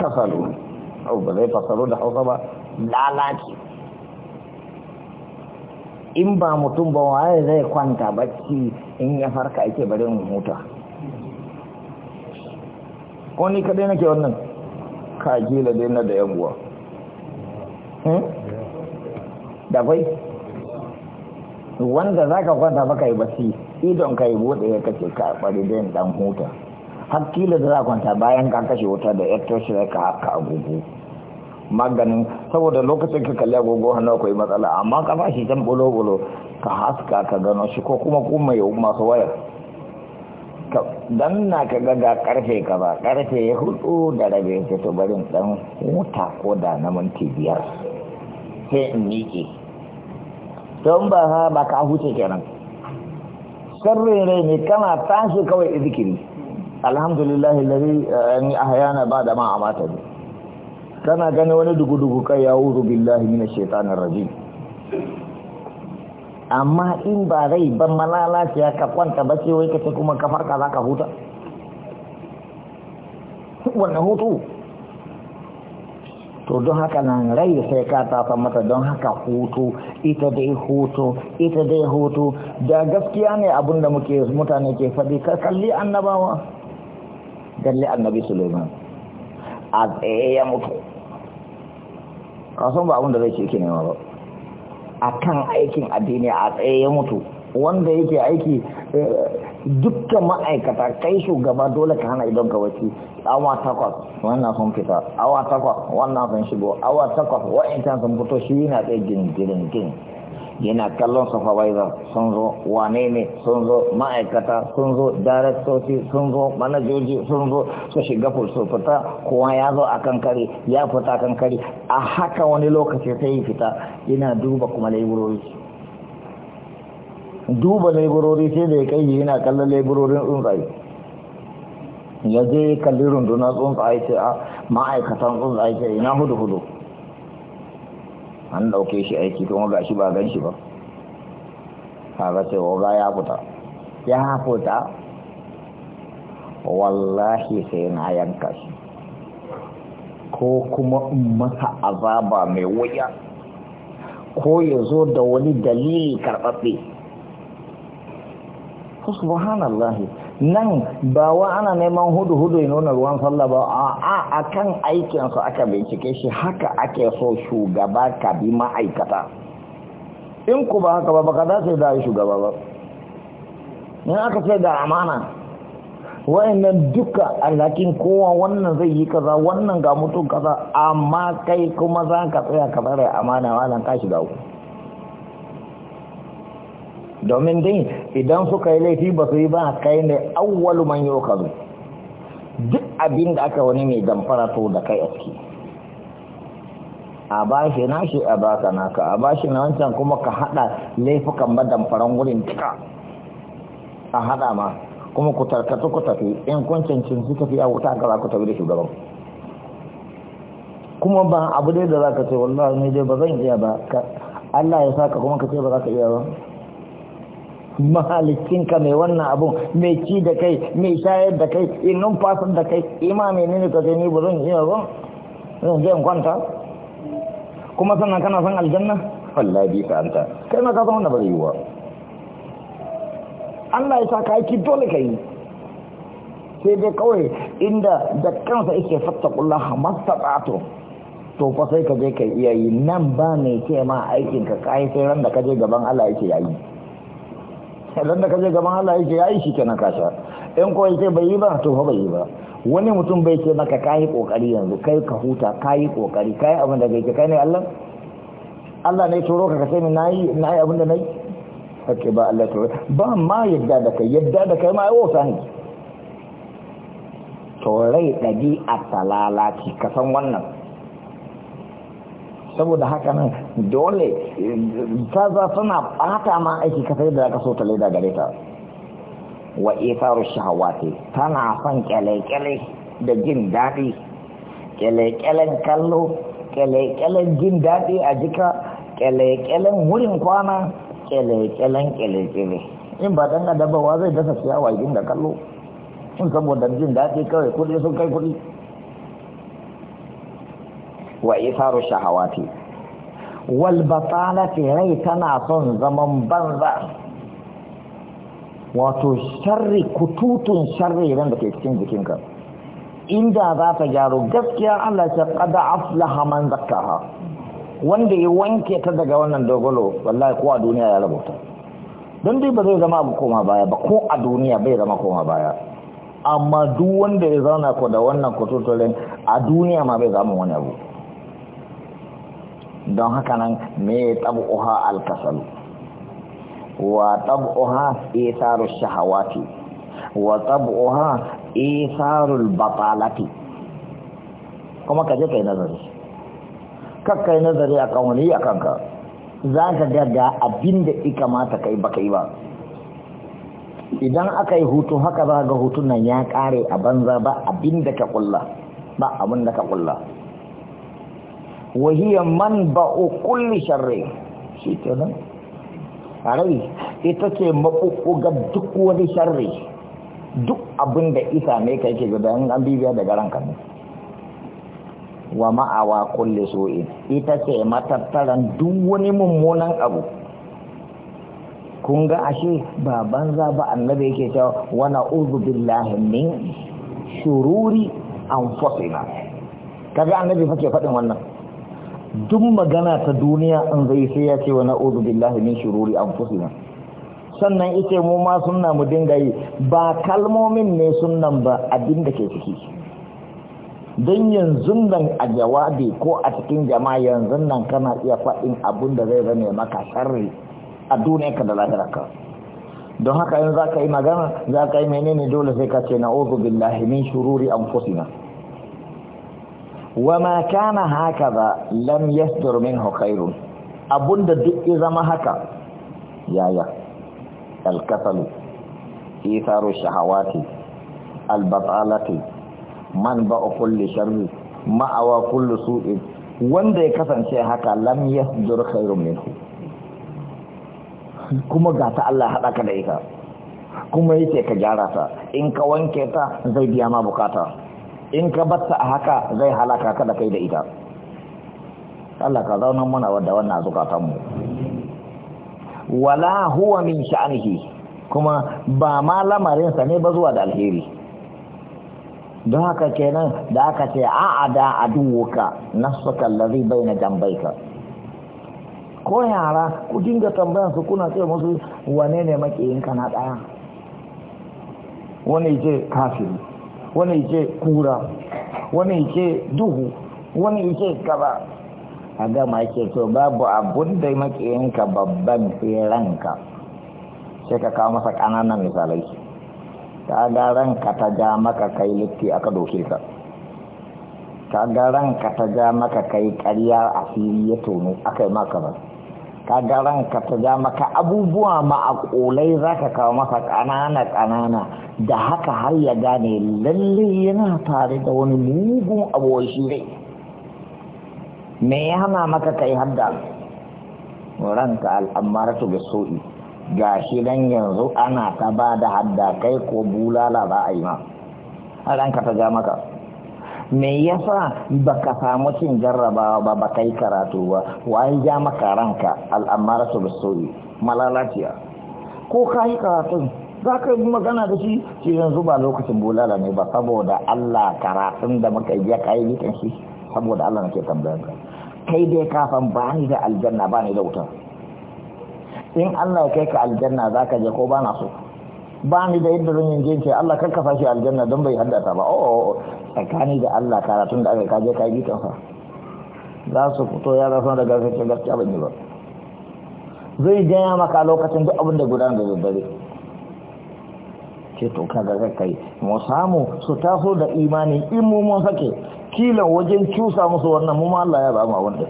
kasalu au ba zai fasaro da hausa ba lalace in ba mutum ba waye zai kwanta bacci in ya farka ake barin mu huta ko ni kadai nake wannan ka jila dai na da yanguwa hmm? da kwai wanda zaka kwanta baka yi basi, idon ka yi bude ya kace ka bari dai dan huta har kila da za kwanta bayan ka kashe wuta da yar toshe ka haka agogo maganin saboda lokacin ka kalli agogo hannu akwai matsala amma ka fashi can bulo ka haska ka gano shi ko kuma kuma yau masu wayar dan na ka gaga karfe ka ba karfe ya hudu da rabe ta to barin dan wuta ko da na minti biyar sai in miƙe don ba ba ka huce kenan sarrere ne kana tashi kawai zikiri alhamdulillah lari eh, ni ahyana ba da ma amata ne kana gani wani dugu-dugu kai ya wuru billahi mina shaitanin raji amma in ba rai ban malalaciya ka kwanta ba ce wai kace kuma ka za ka huta wannan hutu to don haka nan rai sai ka tafa mata don haka hutu ita dai hutu ita dai hutu da gaskiya ne abinda muke mutane ke faɗi ka kalli annabawa lalle annabi Suleiman a tsaye ya mutu kasan ba abin da zai ce ki nema ba a kan aikin addini a tsaye ya mutu wanda yake aiki eh, dukkan ma'aikata kai shugaba dole ka hana idon gabaci awa takwas wannan sun fita awa takwas wannan sun shigo awa takwas wa'in sun fito shi na tsaye gingirgin yana kallon supervisor sun zo wane ne sun zo ma'aikata sun zo daraktoci sun zo manajoji sun zo su shiga su fita kowa ya zo a kan ya fita kan kankari a haka wani lokaci sai fita yana duba kuma laiburori duba laiburori sai da ya kai yana kallon laiburorin tsuntsaye ya je kalli rundunar tsuntsaye ce a ah, ma'aikatan tsuntsaye ce ina hudu hudu an ɗauke shi aiki kuma ga shi ba gan shi ba kaga sai oga ya fita ya fita wallahi sai na yanka shi ko kuma in masa azaba mai wuya ko ya zo da wani dalili karɓaɓɓe subhanallah nan ba wa ana neman hudu-hudu ya nuna ruwan sallah ba a a kan aikinsu aka bincike shi haka ake so shugaba ka bi ma'aikata in ku ba haka ba baka dace da shugaba ba in aka ce da amana wa'annan duka alhakin kowa wannan zai yi kaza wannan ga mutum kaza amma kai kuma za ka tsaya ka tsare amana nan ka shiga uku domin dai idan suka yi laifi ba su yi ba kai ne awwalu man yukazu duk abin da aka wani mai damfara to da kai aski a bashi shi a baka naka a bashi na wancan kuma ka hada laifukan ba damfaran wurin duka a hada ma kuma ku tarkatu ku tafi in kun cancin su tafi a wuta gaba ku tafi da shugaban kuma ba abu dai da za ka ce wallahi ne dai ba zan iya ba Allah ya saka kuma ka ce ba za ka iya ba ka mai wannan abun mai ci da kai mai shayar da kai in numfasar da kai ima ne ka gani ba burin yi ba zan zai kwanta kuma sannan kana san aljanna Allah bi ka anta kai ma ka san wannan ba zai yiwa Allah ya ka aiki dole ka yi sai dai kawai inda da kansa yake fattakullaha mastata'atu to fa sai ka je ka iya yi nan ba mai ce ma aikin ka kai sai ran da ka je gaban Allah yake yayi idan da kaje gaban Allah yake yayi shi kenan ka sha in ko yake bai yi ba to fa bai yi ba wani mutum bai ce maka kai kokari yanzu kai ka huta kai kokari kai abin da kake kai ne Allah Allah ne turo ka ka sai nayi nayi abin da nayi kake ba Allah turo ba ma yadda da kai yadda da kai ma ai wasa ne to rai dabi'a talala ki ka san wannan saboda haka nan dole ta za suna bata ma aiki kasar da aka so ta leda gare ta wa isaru shahawati tana son kyalekyale da jin daɗi kyalekyalen kallo kyalekyalen jin daɗi a jika kyalekyalen wurin kwana kyalekyalen kyalekyale in ba dan adabawa zai dasa ciyawa jin da kallo in saboda jin daɗi kawai kuɗi sun kai kuɗi wa isaru shahawati wal batalati rai tana son zaman banza wato sharri kututun sharri ran da ke cikin jikinka inda za ta gyaru gaskiya Allah ya qada aflaha man zakkaha wanda ya wanke ta daga wannan dogolo wallahi ko a duniya ya rabauta don dai ba zai zama abu koma baya ba ko a duniya bai zama koma baya amma duk wanda ya zauna ko da wannan kututun a duniya ma bai zama wani abu don haka nan me tab'uha alkasalu wa tab'uha isaru shahawati wa tab'uha isaru batalati kuma ka je kai nazari kakkai nazari kan wani akan ka za ka daga abin da ikamata kai baka yi ba idan aka yi hutu haka za ga hutun nan ya kare a banza ba abin da ka kulla ba abin da ka kulla وهي kulli كل shi شيء كده arai ita ce maɓuɓɓugar duk wani sharri duk abin da isa ne ka yake guda an bibiya daga ranka ne wa ma'awa kulle so'i ita ce matattaran duk wani mummunan abu kun ga ashe ba banza ba annabi yake cewa wa na'udhu billahi min shururi anfusina kaga annabi fa ke faɗin wannan duk magana ta duniya an zai sai ya ce wa na'udu billahi min shururi fusina sannan ita mu ma sunna mu dinga yi ba kalmomin ne sunnan ba abin da ke ciki don yanzu nan a jawabi ko a cikin jama'a yanzu nan kana iya faɗin abin da zai zame maka sharri a duniya ka da ka don haka yanzu za ka yi magana za ka yi menene dole sai ka ce na'udu billahi min shururi fusina Wamakana haka هكذا لم يصدر منه abunda duk ya haka yaya alkasalu isaru shahawati albatalati man ba kulli sharri ma'awa kullu su'in wanda ya kasance haka lam yasdur khairun minhu kuma ga ta Allah haɗa ka da ita kuma yake ka gyara ta in ka wanke ta zai biya ma buƙata. in ka batta a haka zai halaka ka da kai da ita Allah ka zauna muna wadda wannan zukatanmu wala huwa min sha'anihi kuma ba ma lamarinsa ne ba zuwa da alheri don haka kenan da aka ce a ada aduwuka bai allazi baina jambaika ko yara ku dinga tambayan su kuna ce musu wane ne makiyinka na daya wani je kafiri wani ce kura wani ce duhu wani ce kaba a gama ke to babu abun da makiyinka babban sai ranka sai ka kawo masa ƙananan misalai ta ga ranka ta ja maka kai litti aka doke ka ta ga ranka ta ja maka kai ƙarya asiri ya tono aka yi maka ba Ka kaga ranka ta ja maka abubuwa ma'aƙulai za ka kawo masa ƙanana-ƙanana da haka har ya gane lalle yana tare da wani mugun aboki rai me ya hana maka kai hadda ranka al'ammaratu da so'i ga shi dan yanzu ana ta ba da hadda kai ko bulala ba a yi ma ranka ta ja maka me yasa baka samu cin jarrabawa ba baka yi karatu ba wai ja maka ranka su bisoyi malalaciya ko ka yi karatun za ka yi magana da shi shi yanzu ba lokacin bulala ne ba saboda Allah karatun da muka yi kai yi kan shi saboda Allah nake tambayar ka kai dai kafan ba ni da aljanna ba ni da wuta in Allah ya kai ka aljanna za ka je ko ba na so ba ni da yadda zan yi ce Allah kan ka fashi aljanna don bai haddata ba oh. oh, oh. tsakani da Allah karatun da aka kaje ka yi ta za su fito ya sun da gaske gaskiya ban ne ba zai janya maka lokacin duk abin da gudanar da daddare ce to ka ga kai mu samu su taso da imani in mu mun sake kila wajen cusa musu wannan mu Allah ya ba mu dan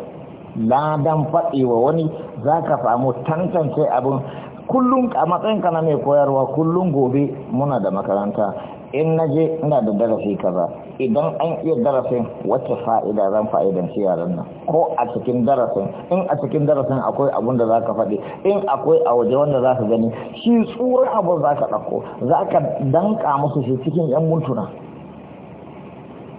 ladan wa wani zaka samu tantance abin kullum a matsayin kana mai koyarwa kullum gobe muna da makaranta in na je ina da darasi kaza idan an iya darasin wacce fa'ida zan fa'idan shi yaran nan ko a cikin darasin in a cikin darasin akwai abun da zaka faɗi in akwai a waje wanda zaka gani shi tsurin abun zaka ɗauko zaka danka musu shi cikin yan mintuna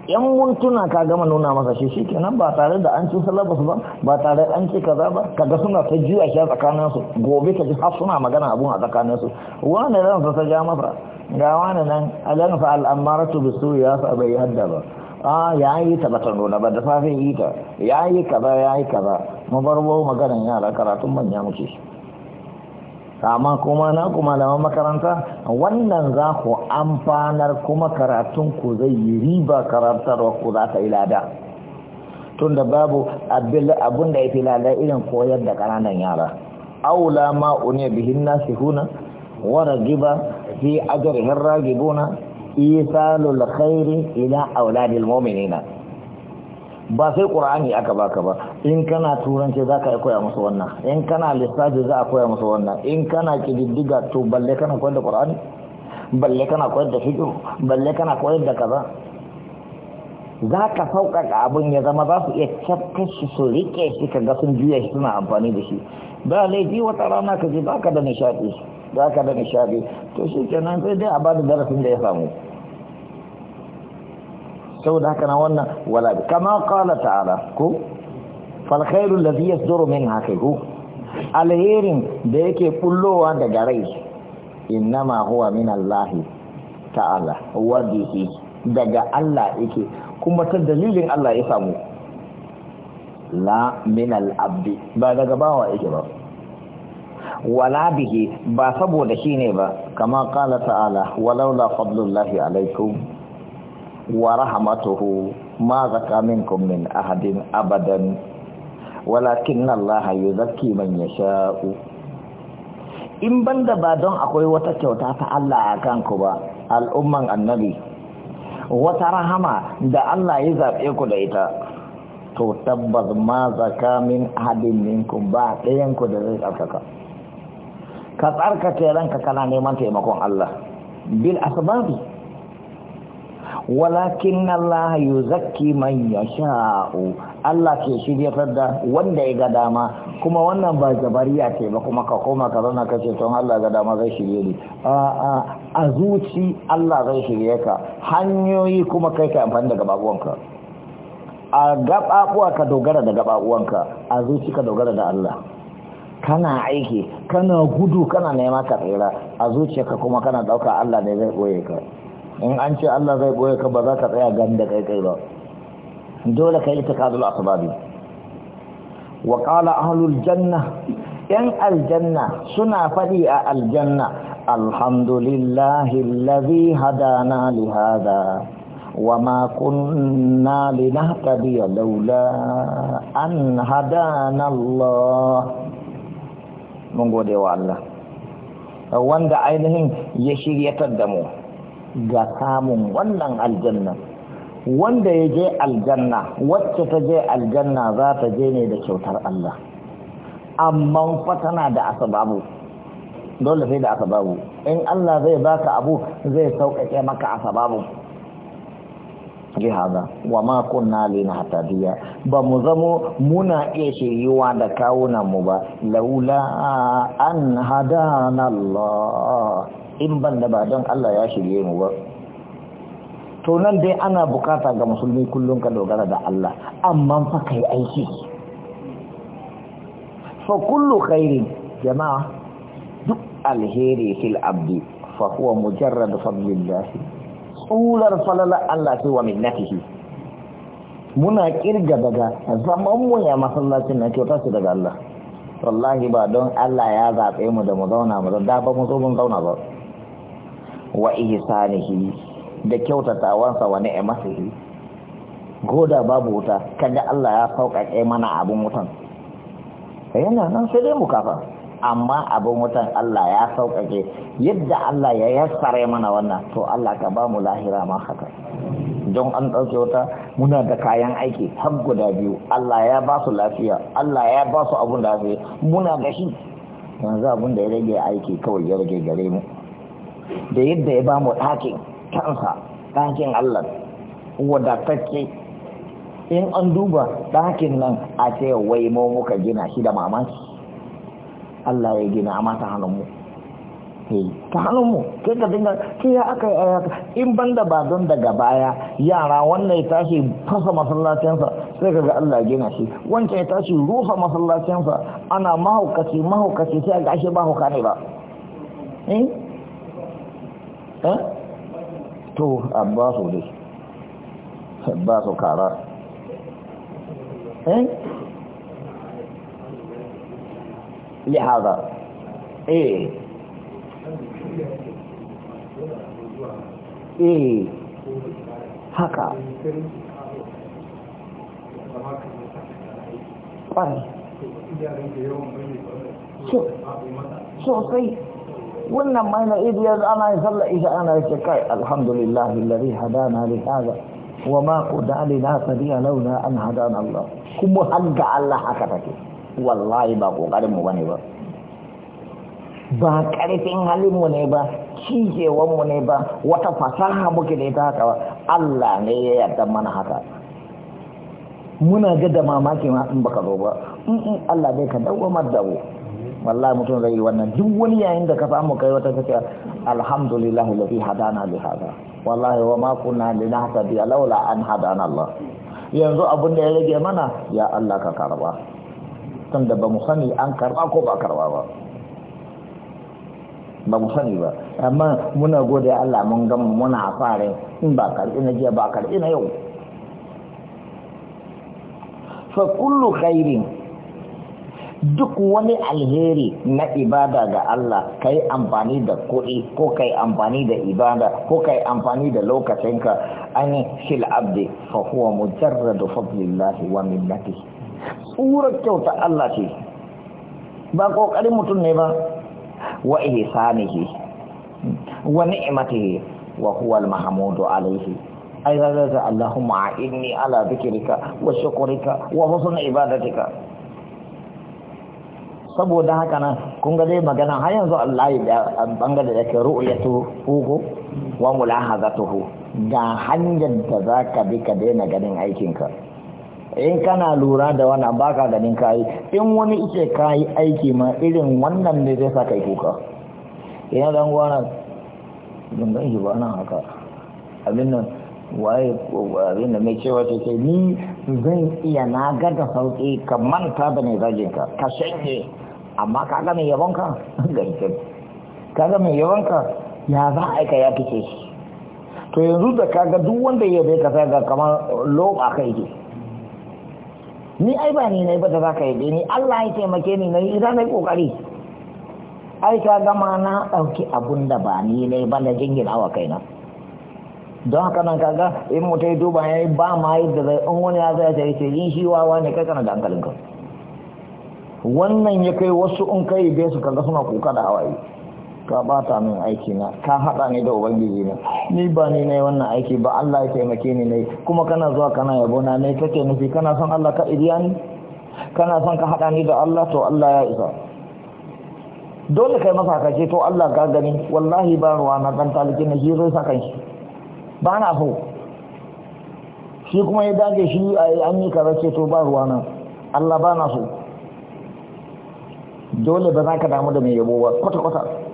yan mintuna ka gama nuna masa shi kenan ba tare da an ci salabas ba ba tare an ci kaza ba ka kaga suna ta juya shi a tsakaninsu gobe ka ji har suna magana abun a tsakaninsu wani ran sa ta ja masa ga wani nan alan fa al'amaratu bi su ya fa bai hadda ba a ya yi ta bata nuna ba da safin yi ta ya yi kaza ya yi kaza mu bar wo yara karatun manya muke amma kuma na kuma malaman makaranta wannan za ku amfanar kuma karatun ku zai yi riba karantarwa ku za ta yi lada tunda babu abin da ya fi lada irin koyar da ƙananan yara aula ma une bihin nasi huna ورغب في أجره الراغبون إيصال الخير إلى أولاد المؤمنين ba sai ƙura'ani aka baka ba in kana turanci za ka koya musu wannan in kana lissafi za a koya musu wannan in kana ƙididdiga to balle kana koyar da ƙura'ani balle kana koyar da fiƙo balle kana koyar da kaza za ka sauƙaƙa abin ya zama za su iya cafkar su riƙe shi ka ga sun juya shi suna amfani da shi ba laifi wata rana ka ji baka da nishaɗi baka da nishaɗi to shi kenan sai dai a bada darasin da ya samu saboda haka na wannan wala kama qala ta'ala ko fal khairu allazi yasduru min alherin da yake kullowa daga rai innama huwa min Allah ta'ala daga Allah yake kuma ta dalilin Allah ya samu la min al'abdi ba daga bawa yake ba wala bihi ba saboda ne ba kama qala ta'ala walaula fadlullahi alaikum wa rahmatuhu ma zaka minkum min ahadin abadan walakin Allah zaki man sha'u. in banda ba don akwai wata kyauta ta Allah a kanku ba al'umman annabi wata rahama da Allah ya zaɓe ku da ita to tabbas ma zaka min ahadin ba ɗayanku da zai tsarkaka ka tsarkake ranka kana neman taimakon Allah bil asbabi walakin Allah yuzakki man yasha'u Allah ke shiryatar da wanda ya ga dama kuma wannan ba jabariya ce ba kuma ka koma ka zauna ka to ton Allah ga dama zai shirye ni a zuci Allah zai shirye ka hanyoyi kuma kai ka amfani da ka. a gababuwa ka dogara da gababuwanka a zuci ka dogara da Allah kana aiki kana gudu kana nema ka tsira a zuciyarka kuma kana ɗauka Allah ne zai ɓoye ka in an ce Allah zai boye ka ba za ka tsaya ganda kai kai ba dole kai ta kazul asbabi wa qala ahlul janna yan aljanna suna fadi a aljanna alhamdulillahi alladhi hadana li hada وما كنا لنهتدي لولا أن هدانا الله من قد الله وان عينهم يشير يتدمو قسام ونن الجنة wanda ya je aljanna wacce ta je aljanna za ta je ne da kyautar Allah amma fa tana da asababu dole sai da asababu in Allah zai baka abu zai sauƙaƙe maka asababun jihada wa ma kunna hatadiya ba mu zamo muna iya shiriwa da kawunan mu ba laula an hadana Allah in ban da ba don Allah ya shirye mu ba to nan dai ana bukata ga musulmi kullum ka dogara da Allah amma fa kai aiki fa kullu khairin jama'a duk alheri fil abdi fa huwa mujarrad fadlillah matsular falala Allah ce wa minnatihi muna kirga daga zaman mu ya masallaci na kyauta su daga Allah wallahi ba don Allah ya zaɓe mu da mu zauna mu da ba mu zo mun zauna ba wa ihsanihi da kyautata kyautatawansa wa ni'matihi goda babu wuta kaga Allah ya sauƙaƙe mana abin wutan yana nan sai dai mu kafa amma abin wutan Allah ya sauƙaƙe yadda Allah ya yassare mana wannan to Allah ka ba mu lahira ma haka don an ɗauke wata, muna da kayan aiki har guda biyu Allah ya ba su lafiya Allah ya ba su abin da zai muna da shi yanzu abin da ya rage aiki kawai ya rage gare mu da yadda ya ba mu ɗakin kansa ɗakin Allah wadatacce in an duba ɗakin nan a ce wai mu muka gina shi da mamaki Allah ya gina amma ta hannun mu eh, ta hannun mu ke ka dinga ke ya aka yi ayata in ban da ba don daga baya yara wannan ya tashi fasa masallacinsa sai ka ga Allah gina shi wancan ya tashi rufa masallacinsa ana mahaukaci mahaukaci sai ga ashe hauka ne ba eh? eh? to ba su dai ba su karar eh lihaza eh eh haka ƙwarai sosai wannan mai na idi yanzu ana yin sallar isha ana yake kai alhamdulillah lari hadana li hada wa ma qudalina sadiya launa an hadana Allah kuma har ga Allah haka take wallahi ba ƙoƙarinmu mu ne ba ba ƙarfin halinmu ne ba mu ne ba wata fasaha muke ne ta haka ba Allah ne ya yarda mana haka muna ga da mamaki ma in baka zo ba in in Allah bai ka dawo da dawo. wallahi mutum zai yi wannan duk wani yayin da ka samu kai wata kace alhamdulillah alladhi hadana li hada wallahi wa ma kunna linahtadiya laula an hadana Allah yanzu abin da ya rage mana ya Allah ka karba hadisan da ba mu sani an karba ko ba karba ba ba mu sani ba amma muna gode Allah mun gama muna fare in ba karbi na jiya ba karbi na yau fa kullu khairin duk wani alheri na ibada ga Allah kai amfani da kuɗi ko kai amfani da ibada ko kai amfani da lokacinka an yi shil abdi fa huwa mujarradu fadlillahi wa minnatihi tsurar kyauta Allah ce ba ƙoƙarin mutum ne ba wa ihsanihi wa ni'matihi wa mahamudu alaihi. mahmudu alayhi ay radza a inni ala bikirika, wa shukrika wa husni ibadatika saboda haka nan kun ga dai magana har yanzu Allah ya bangare da ke ya tuhu wa tuhu ga hanyar da zaka bi ka daina ganin aikinka in kana lura da wannan baka ganin kayi in wani ice kayi aiki ma irin wannan ne zai sa kuka ina dan gwana mun gan yi ba nan haka abin nan waye abin da mai cewa ce ni zan iya na ga da sauki ka manta da ne zagin ka ka shanye amma ga mai yabon ka gaishe ga mai yabon ka ya za a aika ya kike shi to yanzu da kaga duk wanda ya bai ka sai ga kamar loba kai ke ni ai ba ni nai ba da zaka yi ni Allah ya taimake ni nayi idan nai kokari ai ka gama na dauki abun da ba ni nai ba na jingina wa kaina don haka nan kaga in mutai duba yayi ba ma yadda zai in wani ya zai sai ce yin shi ne kai kana da hankalinka wannan ya kai wasu in kai bai su kaga suna kuka da hawaye ka bata min aiki na ka haɗa ni da ubangiji na ni ba ni ne wannan aiki ba Allah ya taimake ni ne kuma kana zuwa kana yabo na ne kake nufi kana son Allah ka iriya ni kana son ka haɗa ni da Allah to Allah ya isa dole kai masa ka ce to Allah ka gani wallahi ba ruwa na dan taliki na shi zo saka shi ba na so shi kuma ya dage shi an yi kaza ce to ba ruwa na Allah ba na so dole ba za ka damu da mai yabo ba kwata-kwata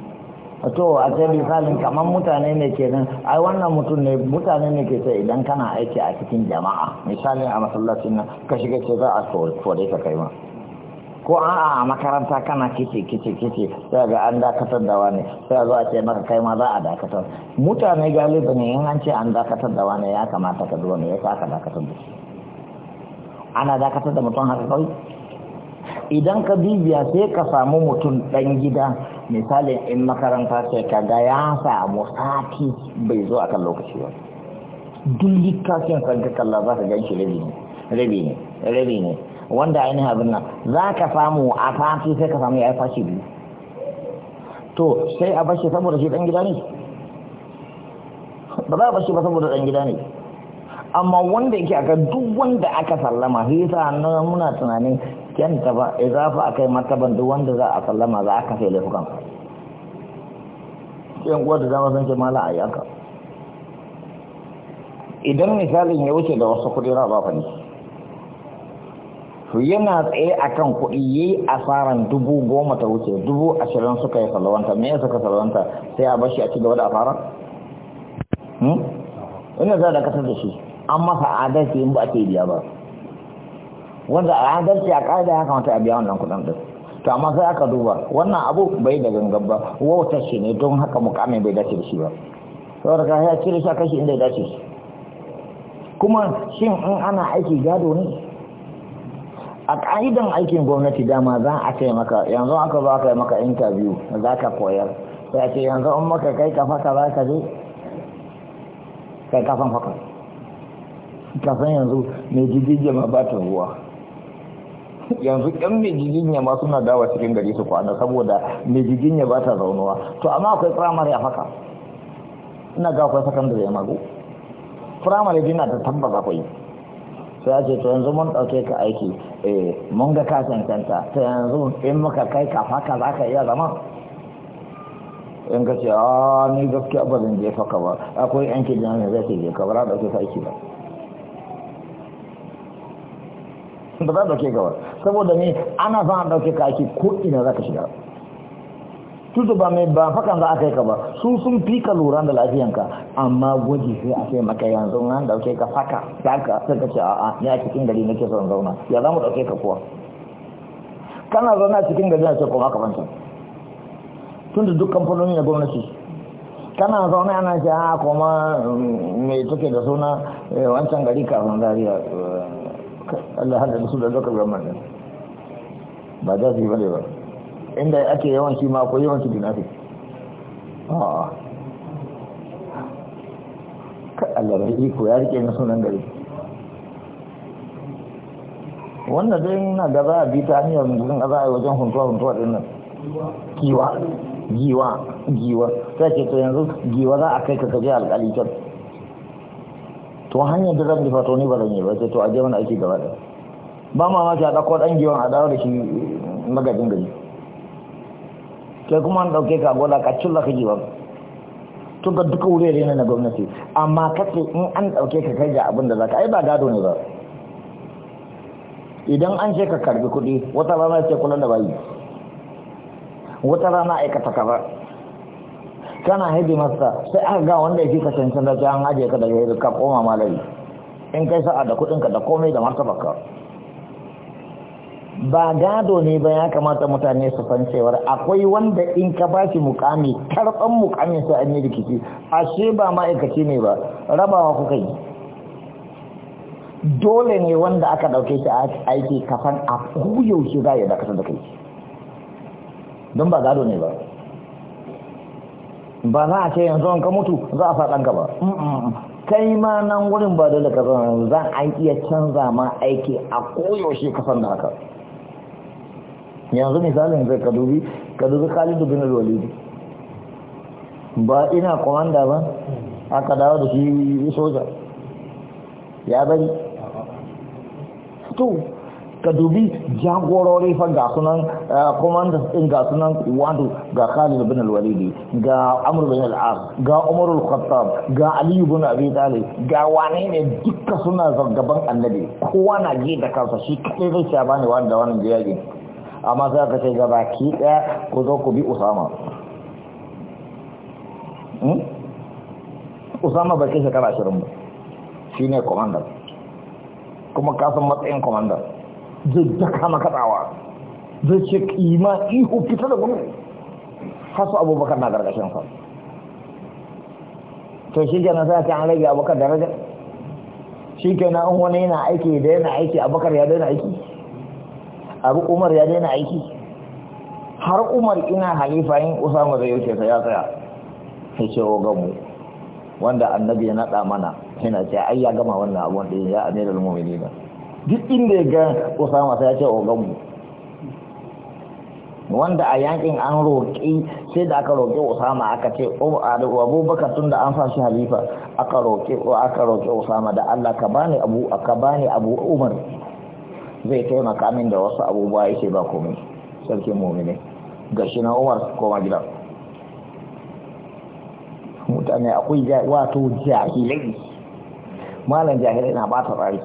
to a ce misalin kamar mutane ne ke nan ai wannan mutum ne mutane ne ke ce idan kana aiki a cikin jama'a misali a masallacin nan ka shiga ce za a fore ka kai ma ko a'a a makaranta kana kici kici kici sai ga an dakatar da wani sai zo a ce maka kai ma za a dakatar mutane galibi ne in an ce an dakatar da wani ya kamata ka zo ne ya sa ka dakatar da shi ana dakatar da mutum haka kawai idan ka bibiya sai ka samu mutum ɗan gida misalin in makaranta ce ka ga ya samu sati bai zo akan lokaci ba duk littafin kan ka kalla za ka gan shi rabi ne rabi ne rabi ne wanda ainihin abin nan za ka samu a sati sai ka samu ya fashi biyu to sai a bashi saboda shi ɗan gida ne ba za a bashi ba saboda ɗan gida ne amma wanda yake aka duk wanda aka sallama sai sa nan muna tunanin ta ba izafa akai martaban duk wanda za a sallama za a kafe laifukan yan kuwa da zama sun ce mala a yanka idan misalin ya wuce da wasu kuɗi raba ba ne yana tsaye a akan kuɗi yayi asaran dubu goma ta wuce dubu ashirin suka yi salawanta me suka salawanta sai a bashi a ci gaba da asara hmm? ina za da kasar da shi an masa adalci in ba a ce biya ba wanda a adalci a ƙa'ida ya kamata a biya wannan kuɗin din to amma sai aka duba wannan abu bai da gangan ba wauta shi ne don haka mukamin bai dace da shi ba saboda ka ya cire shi kashi inda ya dace kuma shin in ana aiki gado ne a ƙa'idan aikin gwamnati dama za a ce maka yanzu aka aka yi maka interview za ka koyar sai a ce yanzu in maka kai ka faka za ka je kai kafan faka kafin yanzu mai jijiji ma ba ta ruwa yanzu yan mejiginya ma suna dawa cikin gari su kwana saboda mejiginya ba ta zaunuwa to amma akwai firamare a haka ina ga akwai sakandare ya mago firamare dina ta tabbata akwai sai ce to yanzu mun ɗauke ka aiki eh, mun ga ka cancanta ta yanzu in muka kai ka faka za ka iya zama in ka ce a ah, ni gaskiya ba zan je faka ba akwai yanki jami'a zai ce je ka ba za ɗauke ka aiki ba ba za dauke gaba saboda ne ana za a dauke ka ake ko ina za ka shiga tutu ba mai ba fakan za a kai ka ba su sun fi ka lura da lafiyanka amma gwaji sai a kai maka yanzu na dauke ka faka saka sai ka ce a'a ni a cikin gari nake son zauna ya za mu dauke ka kuwa kana zauna cikin gari na ce kuma ka fanta tun da dukkan fulani na gwamnati kana zaune ana ce a kuma mai take da suna eh, wancan gari kafin zariya eh, Allah hada musu da zaka zaman nan ba za su yi bane ba inda ake yawanci ma akwai yawanci binafi ah ka Allah yi ko ya rike na sunan gari wannan dai na da za a bi ta hanyar mun a za a yi wajen huntuwa huntuwa din nan giwa giwa giwa sai ke to yanzu giwa za a kai ka kaje alƙali can to hanyar da zan fato ne ba zan yi ba sai to a je mana aiki gaba da ba mamaki a ɗauko ɗan giwon a dawo da shi magajin gari kai kuma an ɗauke ka gwada ka cilla ka giwon tun ga duka wurare ne na gwamnati amma kace in an ɗauke ka kai ga abin da za ka ai ba gado ne ba idan an ce ka karbi kuɗi wata rana ce kula da bayi wata rana aikata ka ba kana masa sai aka ga wanda yake fi cancan da an ajiye ka daga hidu ka koma malari in kai sa'a da kudinka da komai da martabarka ba gado ne ba ya kamata mutane su san cewar akwai wanda in ka ba shi mukami karban mukami sai an yi rikici ashe ba ma'aikaci ne ba rabawa kuka yi dole ne wanda aka ɗauke shi a aiki kafan a koyaushe za ya dakatar da kai don ba gado ne ba ba za a ce yanzu an ka mutu za a faɗan ka ba kai ma nan wurin ba dole ka zama za a iya canza ma aiki a koyaushe ka san haka yanzu misalin zai ka dubi ka dubi khalidu bin walidi ba ina komanda ba aka dawo da shi soja ya bari to ka dubi jagorori fa ga sunan eh, commanders din ga sunan wadu ga Khalid bin al-Walid ga Amr bin al-As ga Umar al-Khattab ga Ali bin Abi Talib ga wane ne dukkan suna gaban Annabi kowa na ji da kansa shi kai zai sha bani wanda wannan jiyagin amma sai ka ce ga baki daya ku zo ku bi Usama hmm? Usama ba kai shekara 20 ba shine commander kuma kasan matsayin commander zai daka maka tsawa zai ce kima ihu fita da gudu hasu abubakar na gargashin sa to shi kenan za ka an rage abubakar daraja shi na an wani yana aiki da yana aiki abubakar ya daina aiki abu umar ya daina aiki har umar ina halifa yin usama zai yauce sa ya tsaya sai ce o gamu wanda annabi ya naɗa mana yana ce ai ya gama wannan abubuwan ɗin ya amirul mu'minina duk inda ya ga Usama sai ya ce oganmu wanda a yankin an roƙi sai da aka roƙi Usama aka ce Abubakar tun da an sa shi halifa aka roƙi aka roƙi Usama da Allah ka bani Abu aka bani Abu Umar zai taimaka min da wasu abubuwa yake ba komai sarkin mu'mini gashi na Umar koma gida mutane akwai wato jahilai malam jahilai na ba ta tsari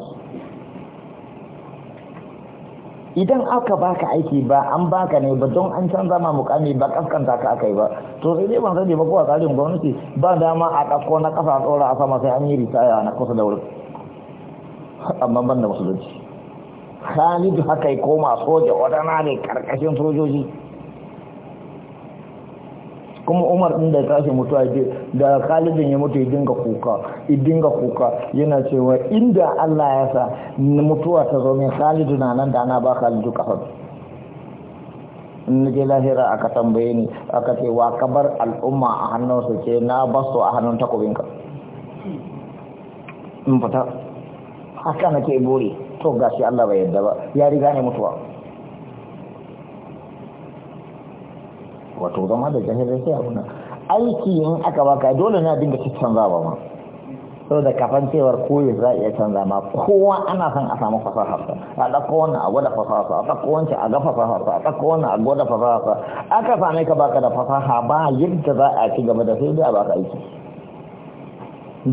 idan aka baka aiki ba an baka ne ba don an canza ma mukami ba kaskanta ka aka yi ba to sai dai ban sani ba ko a gwamnati ba dama a ɗauko na ƙasa a tsora a sama sai an yi ritaya na kusa da wurin amma ban da musulunci Khalidu haka yi koma soja wadana ne karkashin sojoji kuma umar din da ya tashi mutuwa ya da khalidin ya mutu ya dinga kuka ya dinga kuka yana cewa inda Allah ya sa mutuwa ta zo min khalidu na nan da ana ba khalidu kafan in je lahira aka tambaye ni aka ce wa kabar al'umma a hannunsu ce na basu a hannun takobinka in fita haka nake bore to gashi Allah bai yadda ba ya riga ne mutuwa wato zama da jahilai sai abu aiki yin aka baka dole na dinga ci ba ma sau da kafan cewar koyi za a iya canza ma kowa ana son a samu fasahar sa a ɗauko wani a gwada fasahar sa a ɗauko wani a ga fasahar sa a ɗauko wani a gwada fasahar sa aka same ka baka da fasaha ba yadda za a ci gaba da sai dai a baka aiki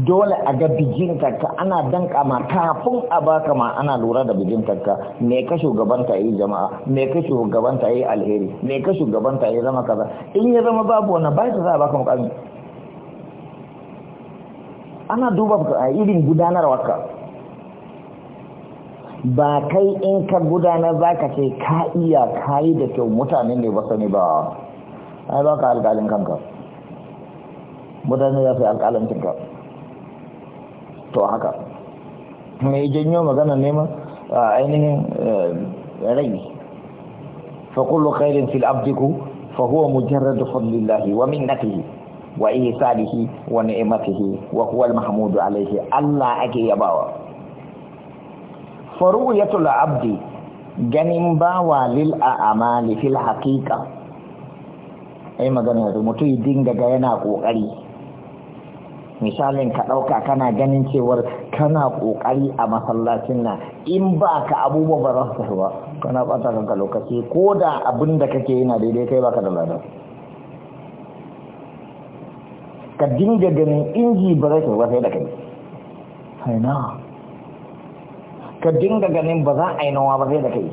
dole a ga bijin bijintarka ana danka ma kafin a baka ma ana lura da bijin bijintarka me ka shugabanta yi jama'a me ka shugabanta yi alheri me ka shugabanta yi zama kaza in ya zama babu wannan ba ta za a baka mukami ana duba a irin gudanarwarka ba kai in ka gudanar za ka ce ka iya kayi da kyau mutane ne ba sani ba ai ba ka alƙalin kanka mutane za su yi kanka to haka mai janyo magana neman ainihin e, rai fa kullu khairin fil abdiku fa huwa mujarradu fadlillahi wa minnatihi wa ihsanihi wa ni'matihi wa huwa al-mahmudu alayhi Allah ake yabawa faruyatul abdi ganin bawa lil a'mali fil haqiqa ai magana da mutum dinga ga yana kokari misalin ka ɗauka kana ganin cewar kana ƙoƙari a masallacin nan in ba ka abubuwa ba za su ba kana ɓata kanka lokaci ko da abin da kake yana daidai kai baka da ladar ka dinga ganin inji ba zai ba sai da kai haina ka dinga ganin ba za a yi nawa ba sai da kai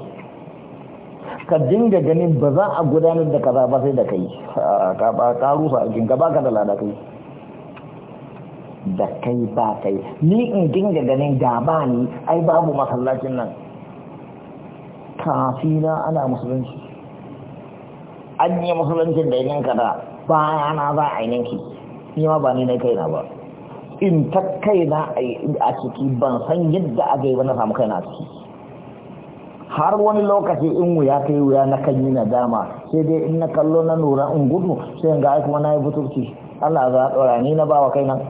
ka dinga ganin ba za a gudanar da kaza ba sai da kai ka rusa a ka baka da lada kai da kai ba kai ni in dinga ganin da ba ni ai babu masallacin nan kafina ana musulunci an yi musuluncin da yin kada ba na za a yi ki ni ma ba ni na kaina ba in ta kaina a ciki ban san yadda a yi ba na samu kaina a ciki har wani lokaci in wuya yi wuya na kan yi na dama sai dai in na kallo na nura in gudu sai in ga aiki wani ya yi buturci Allah za a ɗora ni na ba wa kaina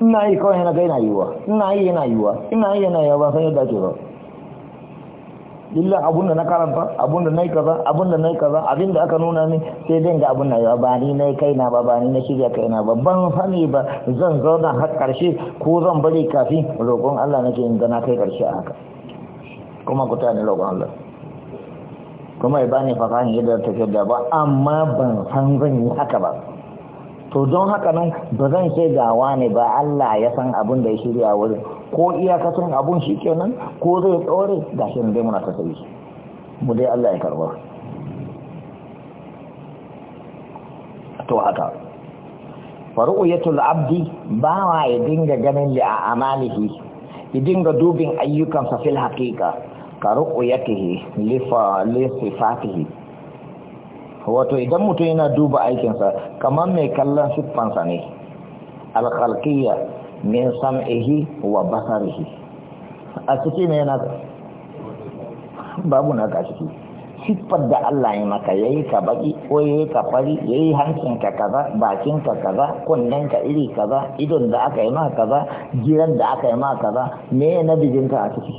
ina yi kawai yana ga yiwa ina yi yana yiwa ina yi yana yiwa ba sai yadda ake ba illa abunda na karanta abunda na yi kaza abunda na yi kaza abinda aka nuna ni, sai zan ga abunda na yawa ba ni na kai na ba ba ni na shirya kai na ba ban sani ba zan zauna har karshe ko zan bari kafin roƙon Allah nake in ga na kai karshe a haka kuma ku tani roƙon Allah kuma ya bani fasahin yadda ta da ba amma ban san zan yi haka ba to don haka nan ba zan ce gawa ne ba Allah ya san abin da ya shirya wurin ko iyakacin abun shi kenan ko zai tsore ga shi dai muna ta sai mu dai Allah ya karba to haka faru'yatul abdi bawa ya dinga ganin li a amalihi ya dinga dubin ayyukansa fil haqiqa ka li fa li sifatihi wato idan mutum yana duba aikinsa kamar mai kallon siffansa ne alkalkiya min sam'ihi wa basarihi a ciki ne yana babu na ga ciki siffar da Allah ya maka yayi ka baki ko yayi ka fari yayi hancin ka kaza bakin ka kaza kunnen ka iri kaza idon da aka yi maka kaza jiran da aka yi maka kaza me na bijinka a ciki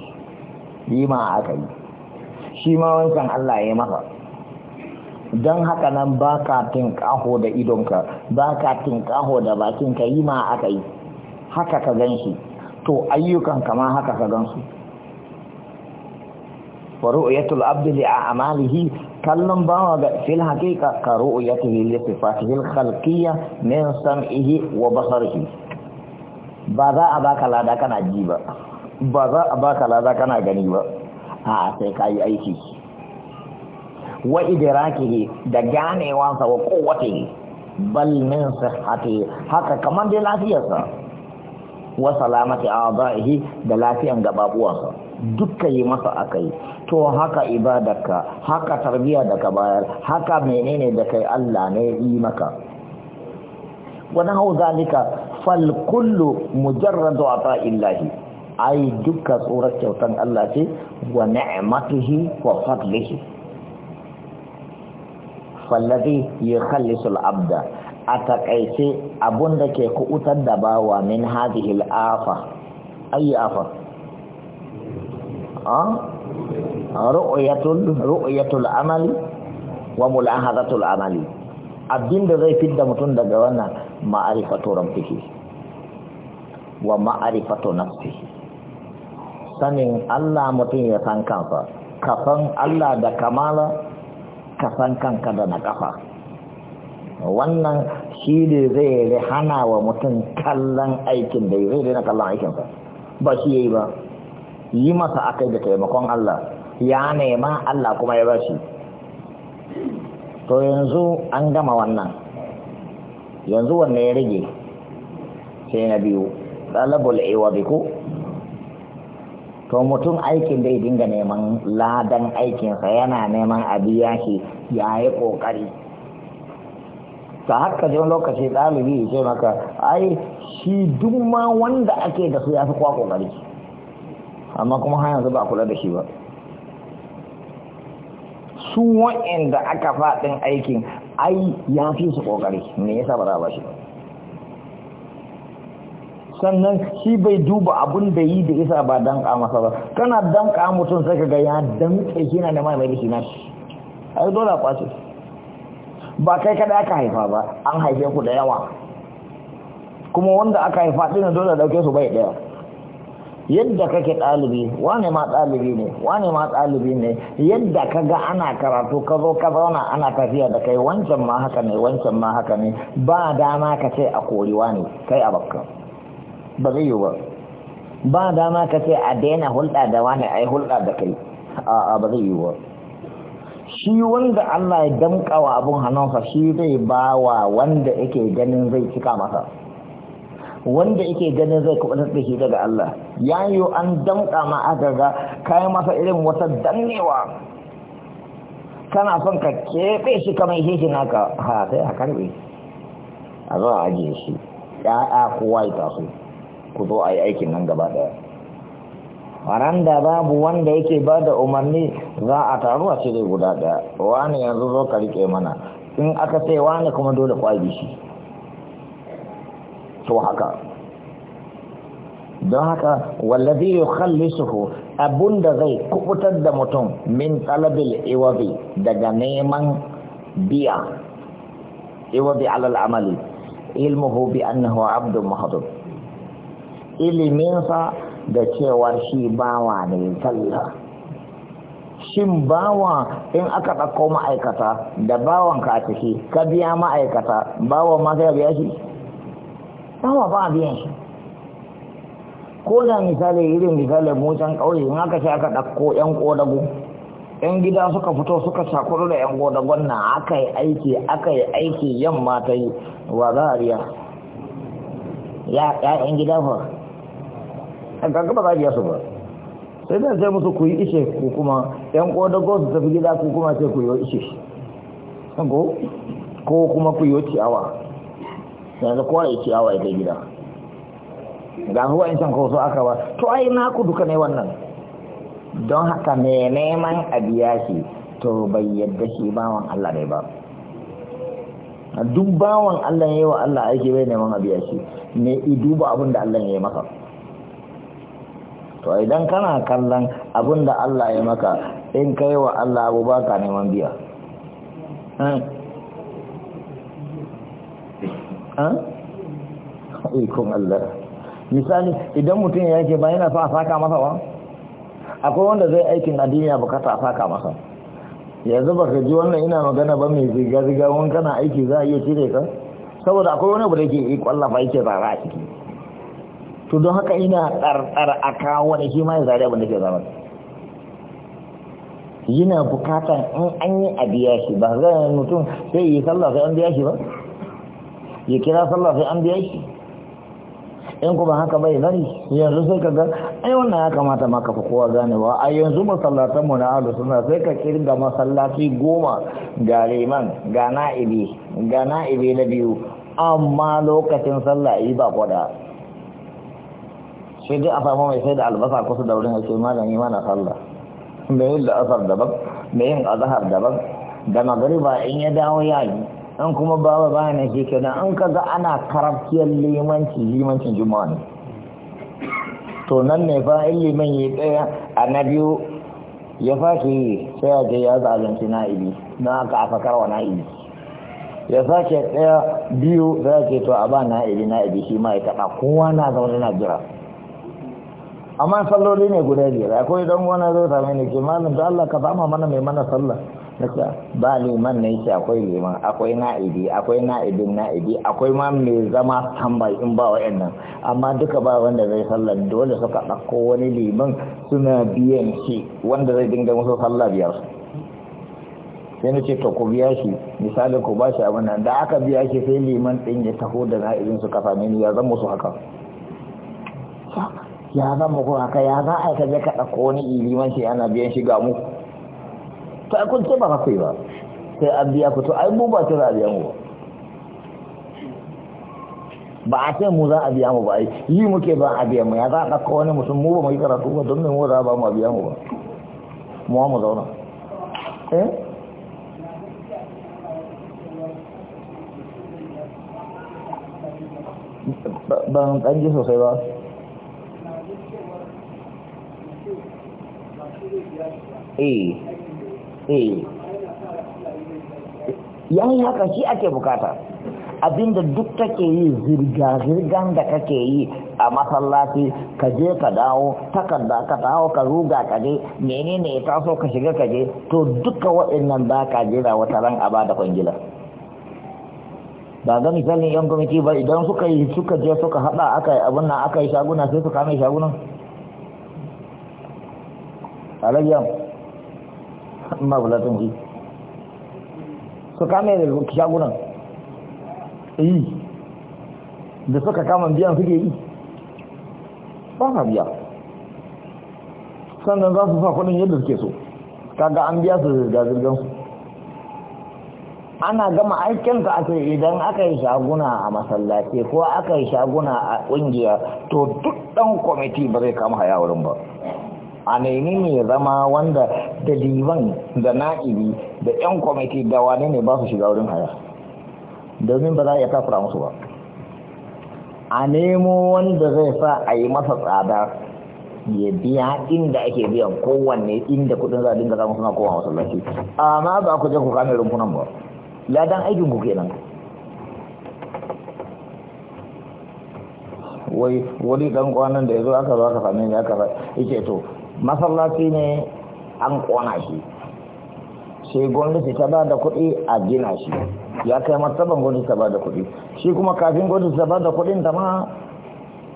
yi ma aka yi shi ma wancan Allah ya maka don haka nan ba ka tinkaho da idonka ba ka tinkaho da bakinka yi ma aka yi haka ka gan shi to ayyukan kama haka ka gan su wa ru'yatul abdi li a'malihi kallon bawa ga fil haqiqa ka ru'yatihi li sifatihi al-khalqiyya min sam'ihi wa basarihi ba za a baka lada kana ji ba ba za a baka lada kana gani ba a'a sai ka yi aiki wa idrakihi da ganewansa wa kowace bal min sihhati haka kamar dai lafiyarsa wa salamati a'dahi da lafiyan gababuwansa dukka yi masa akai to haka ibadarka haka tarbiya da ka bayar haka menene da kai Allah ne yi maka wani hau zalika fal kullu mujarradu illahi ai dukka tsorar kyautan Allah ce wa ni'matihi wa fadlihi fallazi yukhallisul abda a abunda abun da ke kuutar da bawa min hadhihi al'afa ayi afa ah ru'yatul ru'yatul amali wa mulahadatul amali abin zai fidda mutum daga wannan ma'arifatu rabbihi wa ma'arifatu nafsihi sanin Allah mutum ya san kansa kafan Allah da kamala ka san kanka da na kafa wannan shi ne zai hana wa mutum kallon aikin da zai daina kallon aikinsa ba shi yayi ba yi masa akai da taimakon Allah ya nema Allah kuma ya bashi to yanzu an gama wannan yanzu wanne ya rage sai na biyu ɗalabul iwa ko to mutum aikin da ya dinga neman ladan aikinsa yana neman abi biya shi ya yi ƙoƙari ta haka jin lokaci ɗalibi ya ce maka ai shi duk ma wanda ake da su ya fi kwa ƙoƙari amma kuma har yanzu ba kula da shi ba su wa'anda aka faɗin aikin ai ya fi su ƙoƙari me yasa ba za ba shi ba sannan shi bai duba abun da yi da isa ba don masa ba kana don mutum sai ka ya danke na da mai mai shi a yi dole kwace ba kai kada aka haifa ba an haife ku da yawa kuma wanda aka haifa dina dole dauke su bai daya yadda kake ɗalibi wane ma ɗalibi ne wane ma ɗalibi ne yadda ka ga ana karatu ka zo ka zauna ana tafiya da kai wancan ma haka ne wancan ma haka ne ba dama ka ce a kori wane kai a bakka ba zai yi ba ba dama ka ce a daina hulɗa da wani a yi hulɗa da kai a ba zai yi ba shi wanda Allah ya damƙa wa abin hannunsa shi zai ba wa wanda yake ganin zai cika masa wanda yake ganin zai kubutar da shi daga Allah ya yi an damƙa ma agaga ga masa irin wata dannewa kana son ka keɓe shi kamar shi shi ha sai a karɓe a zo a ajiye shi ya'ya kowa ya taso ku zo a yi aikin nan gaba daya Faranda da babu wanda yake ba da umarni za a taru a cire guda daya wani yanzu zo ka rike mana in aka ce wani kuma dole kwabi shi to haka don haka wallazi abun da zai kubutar da mutum min talabil iwabi daga neman biya iwabi alal amali ilmuhu bi annahu abdun mahdud iliminsa da cewar shi bawa ne sallah shin bawa in aka ɗauko ma'aikata da bawanka a ciki ka biya ma'aikata bawan ma sai biya shi bawa ba a biyan shi ko da misali irin misali mutan ƙauye in aka ce aka ɗauko 'yan ƙodago 'yan gida suka fito suka shakuru da 'yan ƙodagon na aka yi aiki aka yi aiki yamma ta yi wa za a riya ya 'yan gida fa an kanka ba za a biya su ba sai zan sai musu ku yi ishe ku kuma yan ƙodago su tafi gida ku kuma sai ku yi ishe ko ko kuma ku yi ciyawa yanzu kowa ya ciyawa ya kai gida ga huwa in can kawo aka ba to ai na ku duka ne wannan don haka ne neman a biya shi to bai yadda shi bawan Allah ne ba duk bawan Allah ya yi wa Allah aiki bai neman a biya shi ne i duba abin da Allah ya yi maka to idan kana kallon abin da Allah ya maka in kai wa Allah abu ba ka neman biya ikon Allah misali idan mutum ya yake ba yana fa a saka masa ba akwai wanda zai aikin addini bukata a saka masa yanzu ba ka ji wannan ina magana ba mai ziga-ziga wani kana aiki za a iya cire ka saboda akwai wani abu da ke ikon lafa yake zara a ciki to don haka ina tsartsar a kawo wani shi ma ya zari abin da ke zama yana bukatan in an yi a biya shi ba zai mutum sai yi sallah sai an biya shi ba ya kira sallah sai an biya shi in kuma haka bai zari yanzu sai ka ga ai wannan ya kamata ma ka fi kowa ganewa a yanzu masallatan mu na alu suna sai ka kirga masallaci goma ga liman ga na'ibi ga na'ibi na biyu amma lokacin sallah yi ba kwada sai dai a samu mai sai da albasa kusa da wurin ake malami mana sallah mai yin la'asar daban mai yin azahar daban da magariba in ya dawo ya yi an kuma baba baya na shi kenan an kaga ana karafkiyar limanci limancin juma'a ne to nan ne fa in liman ya tsaya a na biyu ya fashe yi sai a je ya zalunci na'ibi na aka afakar wa na'ibi ya sake ɗaya biyu sai ake to a ba na'ibi na'ibi shi ma ya kowa na zaune na jira amma salloli ne guda biyar akwai don wani zai sami ne ke malam da Allah ka bama mana mai mana sallah nake ba liman ne yake akwai liman akwai na'ibi akwai na'ibin na'ibi akwai ma mai zama tambayi in ba wa'annan amma duka ba wanda zai sallah dole suka ɗauko wani liman suna biyan shi wanda zai dinga musu sallah biyar sai na ce to ku biya shi misali ku ba shi abin nan da aka biya shi sai liman ɗin ya taho da na'ibin su kafa mini ya zama su haka ya zan muku haka ya za a kaje ka ɗauko wani ilimanci ana biyan shiga mu ta kun ce ba kai ba sai an biya ku to ai mu ba ce za a biya mu ba a ce mu za a biya mu ba ai yi muke ba a biya mu ya za a ɗauko wani mutum mu ba mu yi karatu ba don me mu za ba mu a biya mu ba mu mu zauna eh ban ɗan ji sosai ba eh eh ya haka shi ake bukata abinda duk take yi zirga-zirgan da kake yi a masallaci ka je ka dawo takarda ka dawo ka ruga ka je menene ya taso ka shiga ka je to duka waɗannan ba ka jira wata ran a ba da kwangila ba ga misalin yan kwamiti ba idan suka yi suka je suka haɗa aka yi abin nan aka yi shaguna sai su kame shagunan alayyam ba bulatun ji su kame da shagunan yi da suka kama biyan suke yi ba ka biya sannan za su sa kudin yadda suke so kaga an biya su zirga-zirgan su ana gama aikin ka aka idan aka yi shaguna a masallaci ko aka yi shaguna a ƙungiya to duk ɗan kwamiti ba zai kama haya ba a nemi ne zama wanda da divan da na'ibi da 'yan kwamiti da wane ne ba su shiga wurin haya domin ba za a iya kafura musu ba a nemo wanda zai sa a yi masa tsada ya biya inda ake biyan kowanne inda kudin za a dinga zama suna kowa a amma ba ku je ku kame rumfunan ba ladan aikin ku kenan wai wani dan kwanan da ya zo aka zo aka same ni aka yake to masallaci ne an kona shi sai gwamnati ta ba da kuɗi a gina shi ya kai martaban gwamnati ta ba da kuɗi shi kuma kafin gwamnati ta ba da kuɗin ta ma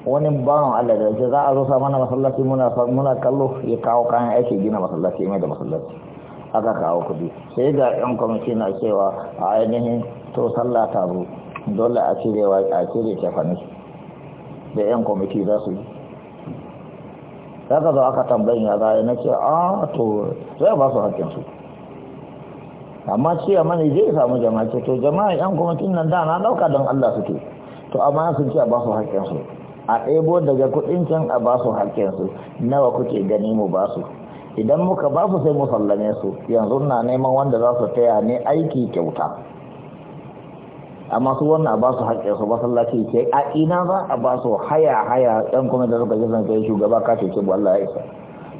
wani bawan Allah da ce za a zo mana masallaci muna kallo ya kawo kayan aiki gina masallaci mai da masallaci aka kawo kuɗi sai ga yan kwamiti na cewa a ainihin to sallah ta zo dole a cire a cire da yan kwamiti za su yi ya ka zo aka tambayin ya zai na ce a ah, to zai ba su hakkin su amma ce a mani zai samu jama'a ce to jama'a yan kwamitin nan da na dauka don Allah suke to amma sun ce a ba su hakkin su a ɗebo daga kudin can a ba su hakkin su nawa kuke gani mu ba su idan muka ba su sai mu sallame su yanzu na neman wanda za su taya ne aiki kyauta amma su wannan a ba su haƙƙin su masallaci ke a ina ba a ba su haya haya ɗan kuma da suka jisan kai shugaba ka ce ce Allah ya isa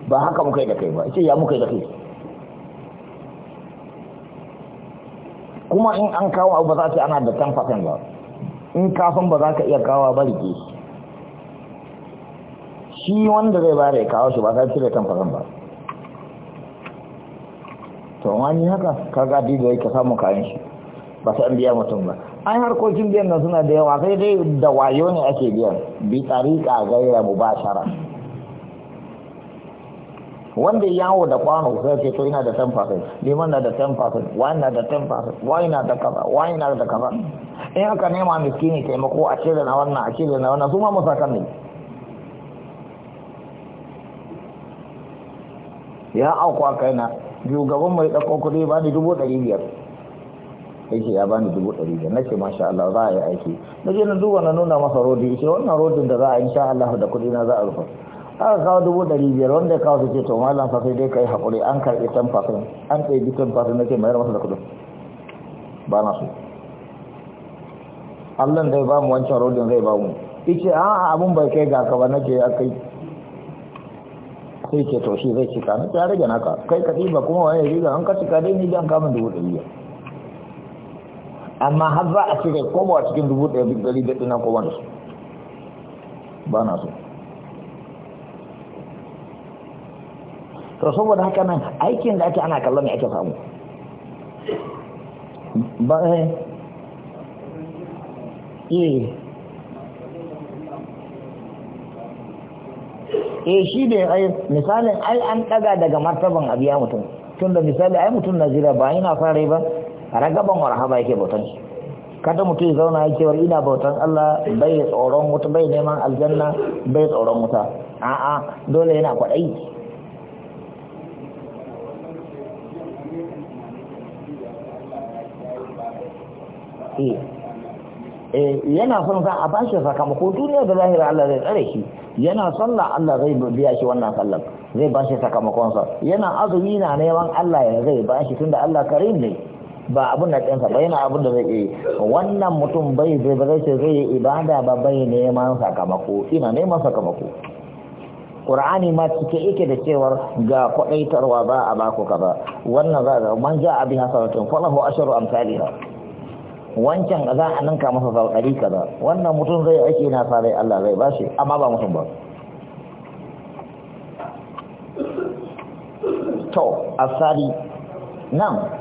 ba haka muka yi da kai ba ce ya muka yi da kai kuma in an kawo abu ba za ce ana da 10% ba in kafin ba za ka iya kawo ba rike shi wanda zai ba da ya kawo shi ba za ta cire 10% ba to wani haka kaga dido yake samun kayan shi ba sai an biya mutum ba ai harkokin biyan nan suna da yawa sai dai da wayo ne ake biyan bi tsarika gaira mubashara wanda yawo da kwano sai ce to ina da 10% liman na da 10% wani na da 10% wani na da kaza wani na da kaza in aka nema ne taimako a cire na wannan a cire na wannan su ma kan ne ya auku a kaina gaban mai ɗauko kuɗi ba da dubu ɗari biyar ce ya bani dubu ɗari da nake masha Allah za a yi aiki na je na duba na nuna masa rodi ce wannan rodin da za a insha Allah da kuɗi na za a rufa aka kawo dubu ɗari biyar wanda ya kawo su ce to malam fa sai dai kai haƙuri an karɓi tan fasin an bi tan fasin na ce mayar masa da kuɗin ba na so Allah zai ba mu wancan rodin zai ba mu ice a abun bai kai ga ka ba nake ya kai sai ke to shi zai cika na ta rage naka kai ka ɗiba kuma wani riga an ka cika dai ni jan kamun dubu ɗari biyar amma har za a cire komo a cikin dubu ɗaya duk dari da ɗina kowa da su ba na so to saboda haka nan aikin da ake ana kallon mai ake samu ba eh. eh eh shi ne ai misalin ai an daga daga martaban abiya mutum tunda misali ai mutum na jira ba yana fara ba ragaban warhaba yake bautan shi kada mutum ya zauna yake war ina bautan Allah bai tsoron wuta bai neman aljanna bai tsoron wuta a'a dole yana kwaɗayi eh, eh, yana son sa a bashi sakamako duniya da zahira Allah zai tsare shi yana sallah Allah zai biya shi wannan sallar zai bashi sakamakonsa yana azumi na neman Allah ya zai bashi tunda Allah karim ne ba abun da ɗinsa ba yana abun da zai yi wannan mutum bai zai ba zai zai yi ibada ba bai neman sakamako ina neman sakamako Qur'ani ma cike yake da cewar ga kwadaitarwa ba a baku kaza wannan za a man ja abin hasaratun falahu asharu amsalina wancan za a ninka masa sauƙari kaza wannan mutum zai aiki na sa rai Allah zai bashi amma ba mutum ba to asali nan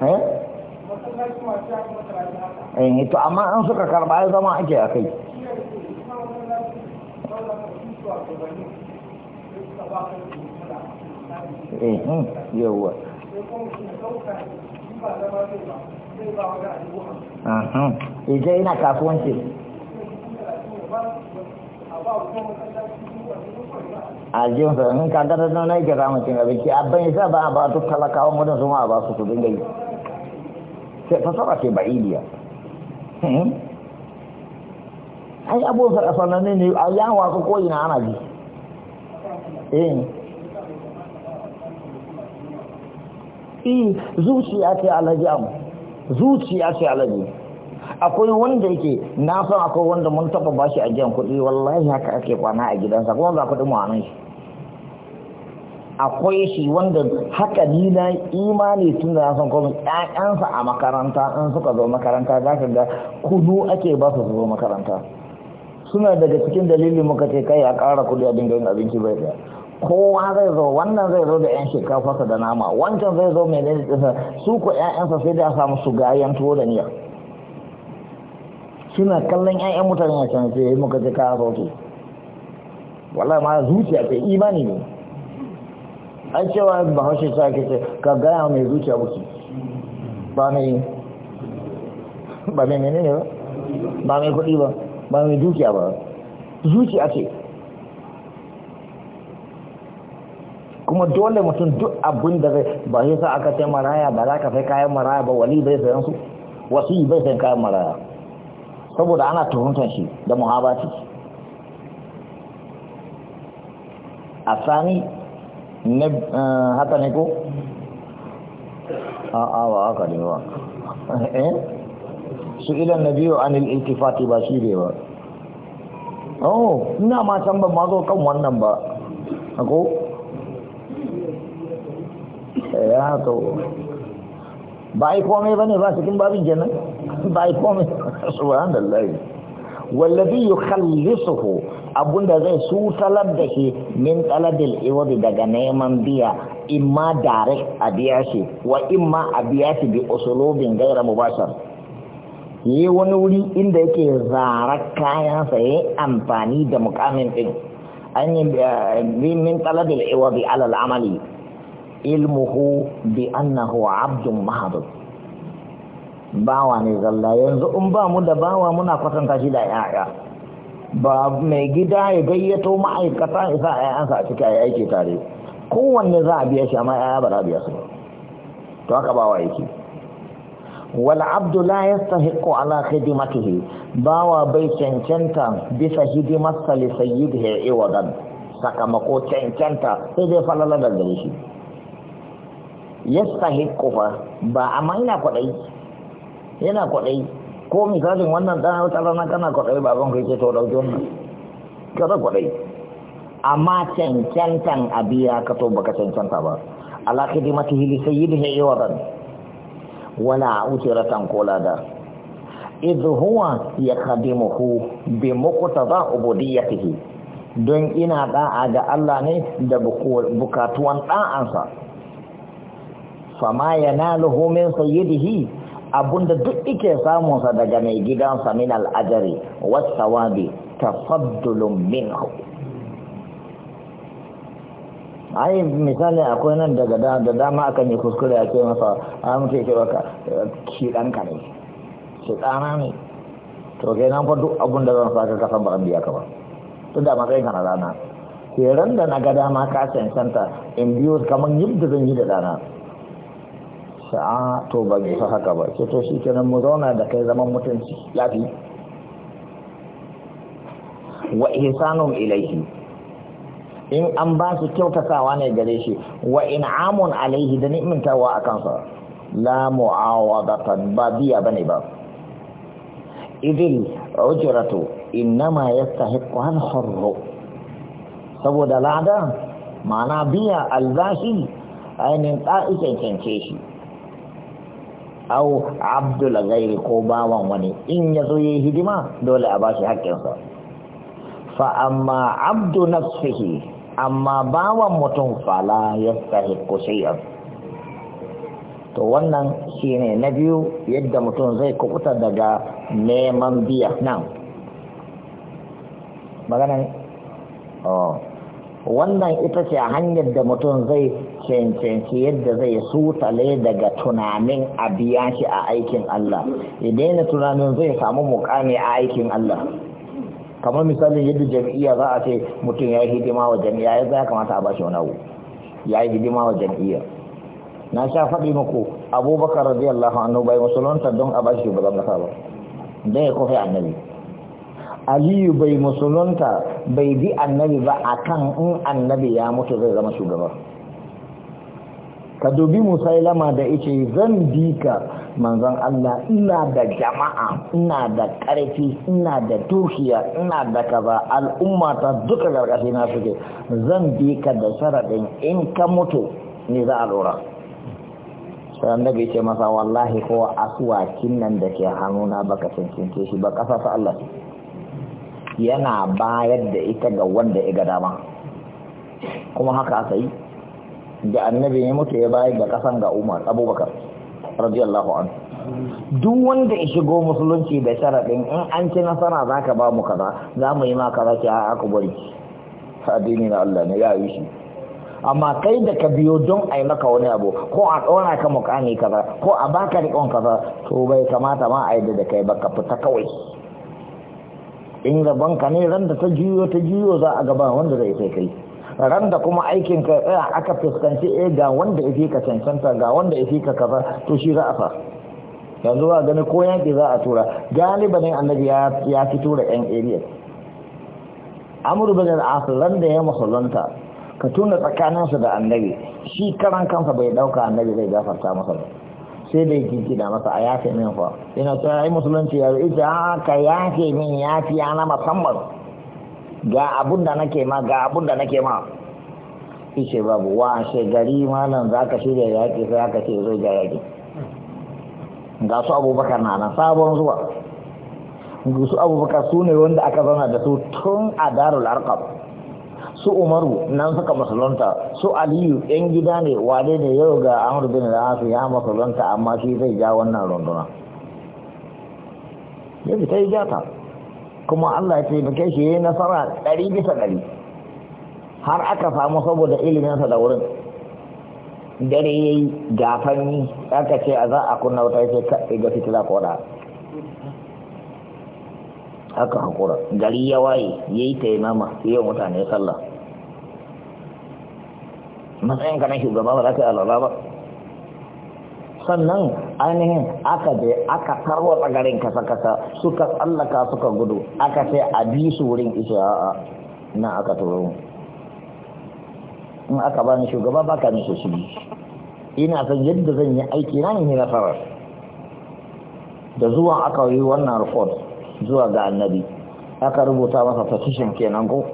eh, eh to amma an suka karba ya zama ake a kai eh, hmm, ah, hmm. eh yawwa ita ah, yana kasuwanci a jinsa in kankanar nan na yake samun cin abinci abin isa ba a ba duk talakawan wadanda su ma a ba su su dinga yi fasara ce ba'iliya hmm? ai abubuwan sa sananne ne a yawon ko koyi na ana ji eh. eh zuciya ce alhaji amu zuciya ce alhaji akwai wanda yake na akwai wanda mun taba bashi a ajiyar kuɗi wallahi haka ake kwana a gidansa kuma za ku mu a nan shi akwai shi wanda haka ni na imani tun da san komai ƴaƴansa a makaranta in suka zo makaranta za ka ga kudu ake ba su zo makaranta suna daga cikin dalilin muka ce kai a ƙara kudu a dinga yin abinci bai da kowa zai zo wannan zai zo da yan shinkafarsa da nama wancan zai zo mai nani ɗinsa su ko ƴaƴansa sai da samu su gayan tuwo da niya suna kallon ƴaƴan mutane a can sai muka ce ka roke wallahi ma zuciya ce imani ne an cewa bahaushe ta ake ce ka gaya mai zuciya wuce ba mai ba mai menene ba ba mai kudi ba ba mai dukiya ba zuciya ce kuma dole mutum duk abin da zai ba shi sa aka ce maraya ba za ka sai kayan maraya ba wali bai sayan su wasu bai sayan kayan maraya saboda ana tuhuntar shi da muhabbaci a sani Ne haka ne ko a'a ba haka ne ba eh, ah, ah, ah, eh? su ilan nabiyu anil iltifati ba shi ne ba oh ina ma san ban ma zo kan wannan ba ako ya eh, to ba ai komai bane ba cikin babin kenan ba ai komai subhanallahi wallazi yukhallisuhu abunda zai su talar da shi min talabil iwadi daga neman biya ma direct a biya shi wa ma a biya shi bi usulubin gaira mubashar yi wani wuri inda yake zarar kayansa ya amfani da mukamin din an yi eh, min talabil iwadi alal amali ilmuhu bi annahu abdun mahadud bawa ne zalla yanzu in ba mu da bawa muna kwatanta shi da 'ya'ya ba mai gida ya gayyato ma'aikata ya sa ayyansa a ciki a aiki tare kowanne za a biya shi amma yaya ba za a biya su to haka bawa yake wal abdu la yastahiqu ala khidmatihi bawa bai cancanta bisa hidimarsa li sayyidihi iwadan sakamako cancanta sai dai falala da gare shi yastahiqu fa ba amma yana kwadai yana kwadai ko misalin wannan ɗan wata rana kana kwaɗai baban ka yake to ɗauki wannan kada kwaɗai amma cancantan a biya ka to baka cancanta ba ala khidmati li sayyidihi ran. wala utiratan kolada idh huwa muku bi ya fi don ina ɗa'a ga Allah ne da bukatuwan ɗa'ansa. fama ya yanaluhu min sayyidihi abunda duk ike samunsa daga mai gidansa min al'ajari wasawabi tafaddulun minhu ai misali akwai nan daga da dama akan yi kuskure a ce masa a mutu ce baka ki ne shi ɗana ne to kai nan fa duk abun da zan saka kasan ba an biya ka ba tun da matsayin ka na rana ke ran da na ga dama ka cancanta in biyo kamar yadda zan yi da rana ce a ah, to ba mai fa haka ba ke to shi kenan mu zauna da kai zaman mutunci lafi wa ihsanun ilaihi in an ba su kyautatawa ne gare shi wa in'amun alaihi da ni'mintawa a kansa la mu'awadatan ba biya bane ba idil ujratu innama yastahiqqu al-hurr saboda lada ma'ana biya albashi ainihin ƙa'ikin cance shi au abdul ghairi ko bawan wani in ya zo yi hidima dole a bashi haƙƙinsa fa amma abdu nafsihi amma bawan mutum fala yastahiqu shay'an to wannan shine na biyu yadda mutum zai kukuta daga neman biya nan magana oh wannan ita ce hanyar da mutum zai cancanci yadda zai sutale daga tunanin a biya shi a aikin Allah idan yana tunanin zai samu mukami a aikin Allah kamar misali yadda jami'a za a ce mutum ya yi hidima wa jami'a ya za kamata a ba shi wani ya yi hidima wa jam'iyya na sha faɗi muku abubakar radiyallahu anhu bai musulunta don a ba shi shugaban kasa ba don ya kofi annabi aliyu bai musulunta bai bi annabi ba a kan in annabi ya mutu zai zama shugaba ka dubi musailama da ice zan bi ka manzon Allah ina da jama'a ina da ƙarfi ina da dukiya ina da kaza al'umma ta duka gargashi na suke zan bi ka da sharaɗin in ka mutu ne za a lura sai annabi ce masa wallahi ko asuwakin nan da ke hannuna baka cancance shi ba kasa ta Allah yana bayar da ita ga wanda ya ga dama kuma haka aka yi da annabi ya mutu ya bayar da kasan ga umar abubakar radiyallahu an duk wanda ya shigo musulunci da sharaɗin in an ci nasara za ka ba mu kaza za mu yi ma kaza ki a aka bari addini na Allah ne ya yi shi amma kai da ka biyo don a yi maka wani abu ko a ɗora ka mukami kaza ko a baka riƙon kaza to bai kamata ma a yi da kai ba ka fita kawai in gaban ka ne ran da ta juyo ta juyo za a gaba wanda zai sai kai ran da kuma aikin ka tsaya eh, aka fuskanci eh ga wanda yake ka cancanta ga wanda yake ka kaza to shi za a fa yanzu ba gani ko yanki za a tura galiba ne annabi ya fito tura yan area amur bin al-as ran da ya musulunta ka tuna tsakaninsu da annabi shi karan kansa bai dauka annabi zai gafarta masa ba sai da yake da masa a yafe min fa ina so ai musulunci ya ita haka ah, yafe min yafi na musamman ga abun da nake ma ga abun da nake ma ishe babu wa she gari malam zaka shirya yaki sai aka ce zo ga yaki ga su abubakar na nan sabon zuwa su abubakar su ne wanda aka zauna da su tun a darul arqam su umaru nan suka masalanta su aliyu yan gida ne wane ne yau ga amur bin al'asu ya musulunta amma shi zai ja wannan runduna ya fita yi jata kuma allah ya taimake shi ya nasara ɗari bisa ɗari har aka samu saboda iliminsa da wurin dare ya yi gafanni aka ce a za a kunna wata ya ce kaɗai ga fitila koda aka haƙura gari ya waye ya yi taimama ya yi mutane sallah matsayin ka na shugaba ba za ka yi alala ba sannan ainihin aka je aka tarwa tsagarin kasa-kasa suka tsallaka suka gudu aka sai a bi su wurin a a na aka turo in aka bani shugaba ba ka nisa su ina san yadda zan yi aiki na ne nasara da zuwa aka yi wannan report zuwa ga annabi aka rubuta masa petition kenan ko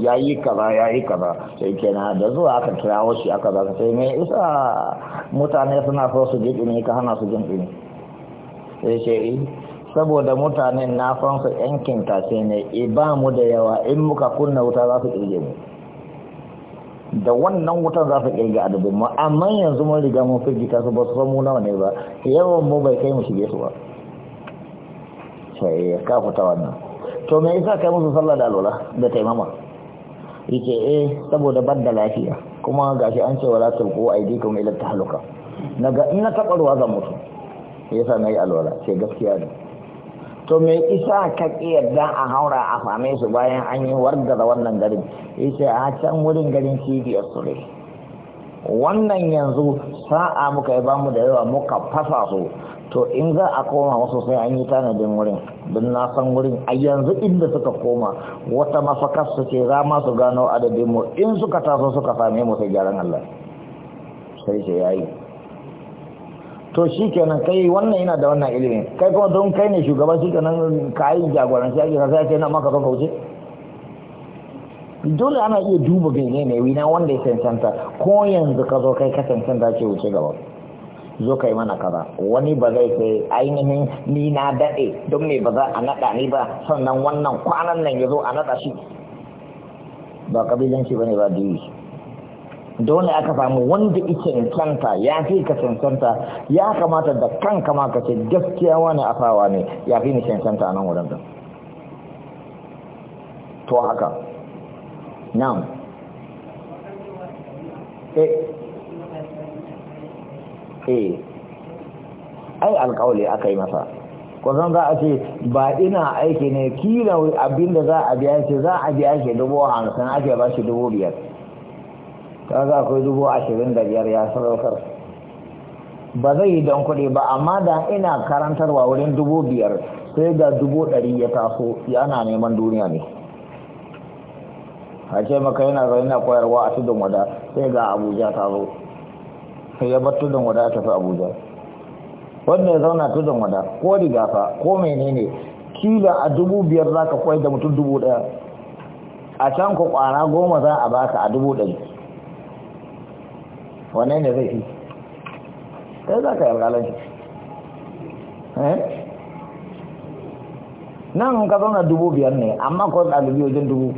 ya yi kaza ya yi kaza sai kenan da zuwa aka kirawo shi aka zaka sai me isa mutane suna so su jiɗi ne ka hana su jiɗi ne sai ce eh, saboda mutane na san su yan sai ne e ba mu da yawa in muka kunna wuta za su ƙirge mu da wannan wutan za su ƙirge a dubu mu amma yanzu mun riga mun firgita su ba su san mu nawa ne ba yawan mu bai kai mu shige su ba sai ya kafa wannan to me yasa kai musu sallah da alwala da taimama yake eh saboda ban da lafiya kuma gashi an ce wala tulqu aydikum ila tahluka naga in na taba zan mutu yasa nayi alwala sai gaskiya ne to me isa ka yarda a haura a fame su bayan an yi warga da wannan garin yace a can wurin garin cibiyar su ne wannan yanzu sa'a muka yi bamu da yawa muka fasa su to in za a koma wasu sai an yi tanadin wurin don na san wurin a yanzu inda suka koma wata mafakar su ce za ma su gano adadin mu in suka taso suka same mu sai gyaran Allah sai ce yi. to shi kenan kai wannan yana da wannan ilimin kai kuma don kai ne shugaba shi kenan ka yi jagoranci ake ka sai na maka kafa wuce dole ana iya duba ganye ne wina wanda ya cancanta ko yanzu ka zo kai ka cancanta ce wuce gaba zo kai mana kaza wani ba zai kai ainihin ni na daɗe don me ba za a naɗa ni ba sannan wannan kwanan nan ya zo a naɗa shi ba kabilan ba ne ba duyi dole aka samu wanda yake kanta ya fi ka cancanta ya kamata da kanka ma ka ce gaskiya wani afawa ne ya fi ni cancanta a nan wurin da to haka na'am eh. eh ai alƙawali aka yi masa kusan za a ce ba ina aiki ne kila abinda za a biya ce za a biya shi dubu hamsin ake ba shi dubu biyar ta za akwai dubu ashirin da biyar ya sadaukar ba zai yi don kuɗi ba amma da ina karantarwa wurin dubu biyar sai ga dubu ɗari ya taso yana neman duniya ne a ce maka yana zaune na koyarwa a tudun wada sai ga abuja ta zo ya bar tudun wada tafi abuja wanda ya zauna tudun wada ko rigafa ko menene kila a dubu biyar za ka kwai da mutum dubu daya a can ku kwana goma za a baka a dubu ɗari wane ne zai fi kai za ka yargalan shi eh? nan ka zauna dubu biyar ne amma ko ɗalibi wajen dubu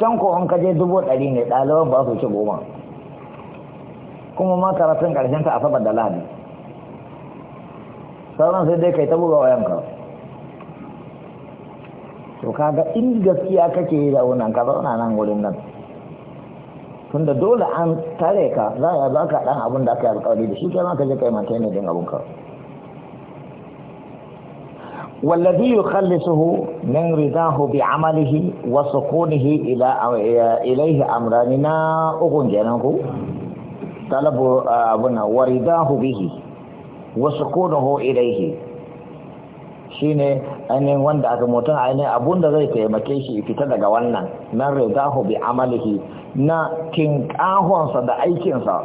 can ko an kaje dubu ɗari ne ɗaliban ba su ce goma kuma ma karatun karshen ta asabar da lahadi sauran sai dai kai ta buga wayanka to kaga in gaskiya kake yi da wannan ka zauna nan wurin nan tunda dole an tare ka za a za ka dan abin da aka yi alkawari da shi kai ma ka je kai mantai ne din abun ka والذي يخلصه من رضاه بعمله وسكونه إلى إليه أمراننا أغنجنكم talabu abuna waridahu bihi wasu kodaho ilaihi shi ne ainihin wanda aka mutum ainihin abun da zai taimake shi fita daga wannan na ridahu bi amalihi na kinkahonsa da aikinsa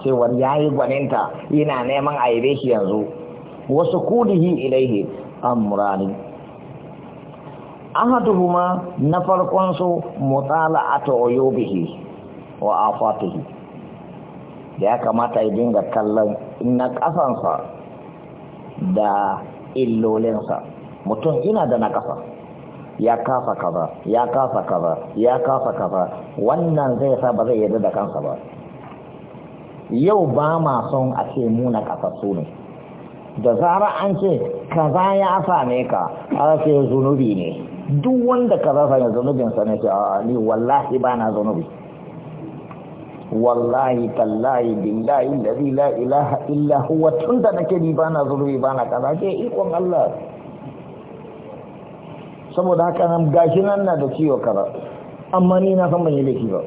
cewar ya yi gwaninta yana neman a yabe shi yanzu wasu kudihi ilaihi amurani ahaduhuma na farkonsu mutala'atu bihi wa afatihi ya kamata ya dinga kallon na ƙasansa da illolinsa mutum ina da na ƙasa, ya kafa kaza ya kafa kaza ya kafa kaza wannan zai sa ba zai yarda da kansa ba yau ba ma son a ce mu na su ne da zara an ce kaza ya same ka a ce zunubi ne duk wanda kaza same zunubinsa ne ce a ni wallahi ba na zunubi wallahi tallahi billahi alladhi la ilaha illa huwa tunda nake ni bana zurbi bana kaza ke ikon Allah saboda haka nan gashi nan na da ciwo kaza amma ni na san ban yi laifi ba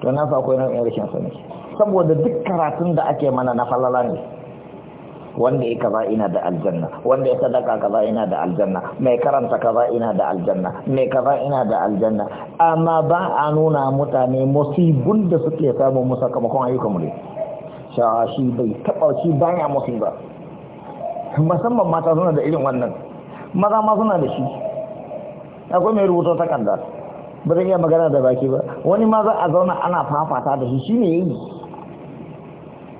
to na fa akwai nan rashin sani saboda duk karatun da ake mana na falala ne wanda ya kaza ina da aljanna wanda ya sadaka kaza ina da aljanna mai karanta kaza ina da aljanna mai kaza ina da aljanna amma ba a nuna mutane musibun da suke samu mu kamakon ayyukan mu ne shi bai taba shi baya musiba musamman mata suna da irin wannan maza ma suna da shi akwai mai rubuta takarda ba zan iya magana da baki ba wani ma za a zauna ana fafata da shi shi ne yi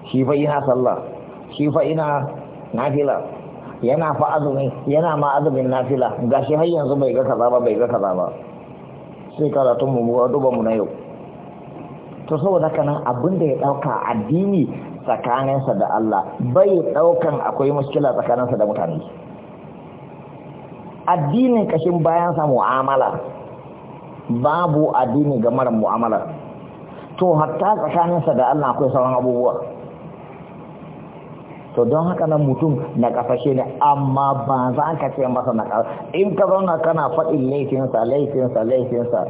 shi bai yana sallah shi fa ina nafila yana fa azumi yana ma azumin nafila gashi har yanzu bai ga kaza ba bai ga kaza ba sai karatun mu a duba mu na yau to saboda haka nan abin da ya dauka addini tsakaninsa da Allah bai daukan akwai muskila tsakaninsa da mutane addinin kashin bayan sa mu'amala babu addini ga mara mu'amala to hatta tsakaninsa da Allah akwai sauran abubuwa to don haka nan mutum na kafashe ne amma ba za ka ce masa na in ka zauna kana faɗin laifinsa laifinsa laifinsa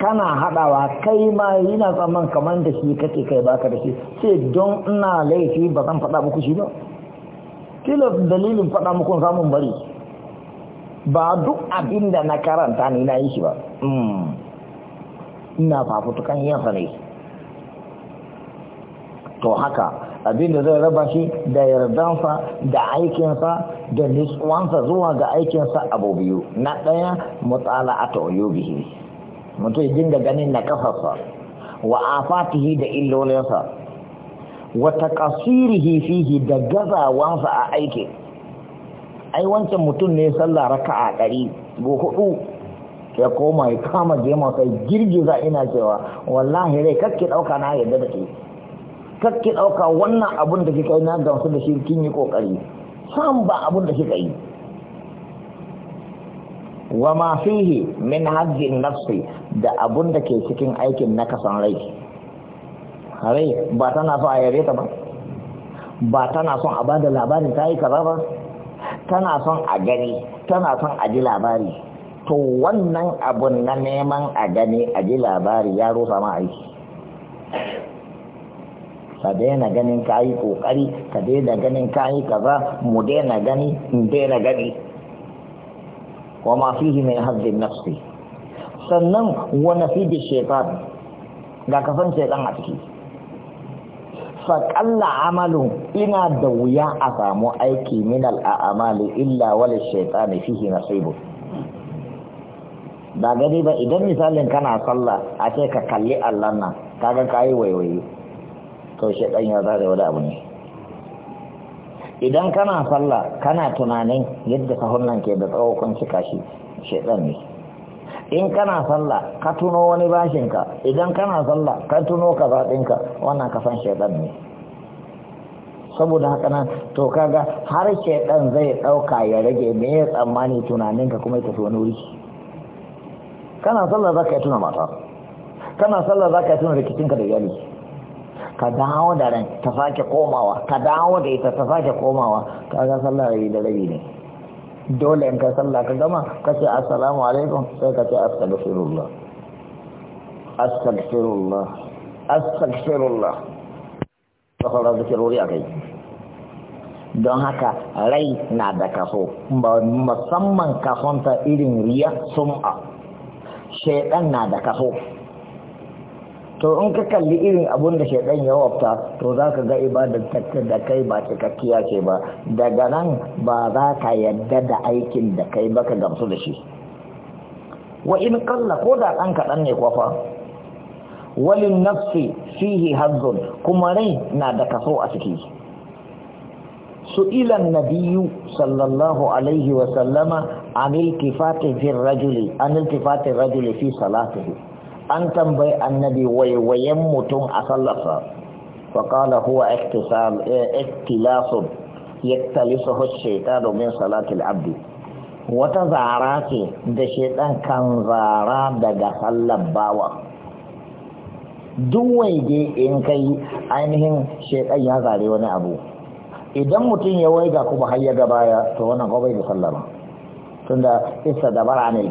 kana haɗawa kai ma yana zaman kamar da shi kake kai baka da shi sai don ina laifi ba zan faɗa muku shi ba kila dalilin faɗa muku samun bari ba duk abinda na karanta ni na yi shi ba hmm. ina fafutukan yin sa ne to haka abinda zai raba shi da yardansa da aikinsa da nisuwansa zuwa ga aikinsa abu biyu na ɗaya mutsala a ta'oyo bihi mutum dinga ganin na kafarsa wa afatihi da illolinsa wata taqasirihi fihi da gazawansa a aiki ai wancan mutum ne sallah raka'a ɗari go hudu ya koma ya kama jema sai girgiza ina cewa wallahi rai kakki ɗauka na yadda da ke ki ɗauka wannan abun da kika yi na gamsu da shi kin yi ƙoƙari san ba abun da kika yi wa ma fihi min hajjin nafsi da abun da ke cikin aikin na kasan rai rai ba tana so a yare ta ba ba tana son a bada labarin ta yi kaza ba tana son a gani tana son a ji labari to wannan abun na neman a gani a ji labari ya rusa ma aiki ka daina ganin ka yi kokari ka daina ganin ka yi kaza mu daina gani in daina gani wa ma fihi min hazzin nafsi sannan wa nafidi shaytan ga kafan shaytan a ciki fa qalla amalu ina da wuya a samu aiki min al a'mali illa wal shaytan fihi nasibu ba gani ba idan misalin kana sallah a ce ka kalli Allah nan kaga kai waiwaye to shaidan ya zare wani abu ne idan kana sallah kana tunanin yadda sahun nan ke da tsawo kun cika shi shaidan ne in kana sallah ka tuno wani bashinka idan kana sallah ka tuno ka zaɗinka wannan kasan shaidan ne saboda haka nan to kaga har shaidan zai ɗauka ya rage me ya tsammani tunaninka kuma ya tafi wani wuri kana sallah za ka yi tuna mata kana sallah za ka yi tuna rikicinka da iyali ka dawo da ran ta sake komawa ka dawo da ita ta sake komawa ka ga sallah rabi da rabi ne dole in ka sallah ka gama ka ce assalamu alaikum sai ka ce astaghfirullah astaghfirullah astaghfirullah ka fara zikirori a kai don haka rai na da kaso musamman kasonta irin riya sum'a shaidan na da kaso to in ka kalli irin abun da shaidan ya wafta to za ka ga ibadar da kai ba cikakkiya ce ba daga nan ba za ka yadda da aikin da kai ba gamsu da shi wa in kalla ko da ɗan kaɗan ne kwafa walin nafsi fihi hazzun kuma rai na da kaso a ciki Su ilan صلى الله عليه وسلم عن التفات في الرجل عن التفات الرجل an tambayi annabi waiwayen mutum a sallarsa faƙala huwa iktilasun eh, yaktalisa hushaita domin salatul abdi wata zara ce da shaidan kan zara daga sallar bawa duk waige in kai ainihin shaidan ya zare wani abu idan mutum ya waiga kuma har ya gabaya to wannan kawai da sallama da isa da bara ne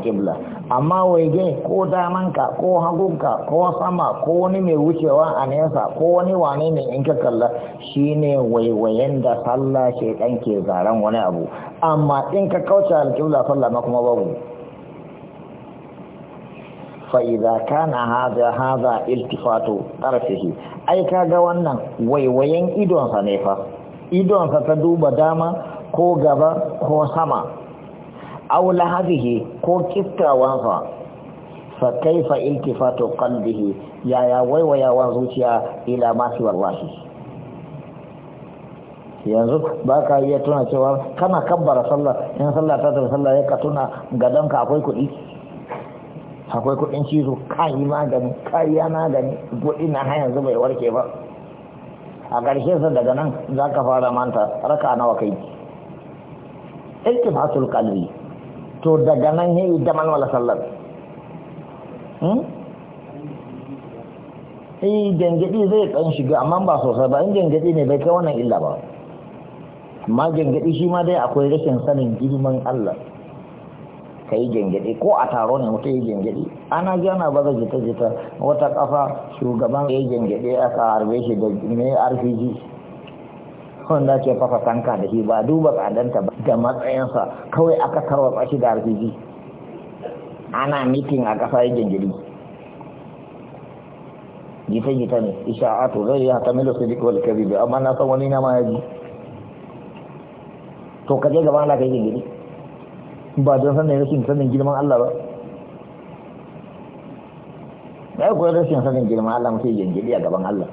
amma waige ko damanka ko hagunka ko sama ko wani mai wucewa a nesa ko wani wane ne in ka kalla shine waiwayen da sallah shaidan ke zaren wani abu amma in ka kauce alkibla sallah ma kuma babu na haza haza هذا التفات ai ka ga wannan waiwayen idonsa ne fa idonsa ta duba dama ko gaba ko sama aw lahabihi ko kiftawansa fa kaifa iltifatu qalbihi yaya waiwayawa zuciya ila ma siwa wallahi yanzu ba ka iya tuna cewa kana kabbara sallah in sallah ta tafi sallah ya ka tuna gadonka akwai kuɗi akwai kuɗin cizo ka yi magani ka yi magani kuɗi na har yanzu bai warke ba a ƙarshe sa daga nan za ka fara manta raka nawa kai iltifatul qalbi to daga nan ya yi daman wala sallar hmm? eh gangadi zai kan shiga amma ba sosai ba in gangadi ne bai kai wannan illa ba amma gangadi shi ma dai akwai rashin sanin girman Allah ka yi ko a taro ne mutai yi ana ji ana baza jita-jita wata kafa shugaban ya yi gengede aka harbe shi da me rpg wanda ke fafa kanka da shi ba duba kadanta ba da matsayinsa kawai aka tarwatsa shi da arziki ana mitin a ƙasa yi gingiri jita-jita ne isha'atu zai yi hata milo su dika kari biyu amma na san wani na ma ya ji to kaje gaban ala kai gingiri ba don ya rashin sanin girman Allah ba Ya kuwa rashin sanin girman Allah yi gingiri a gaban Allah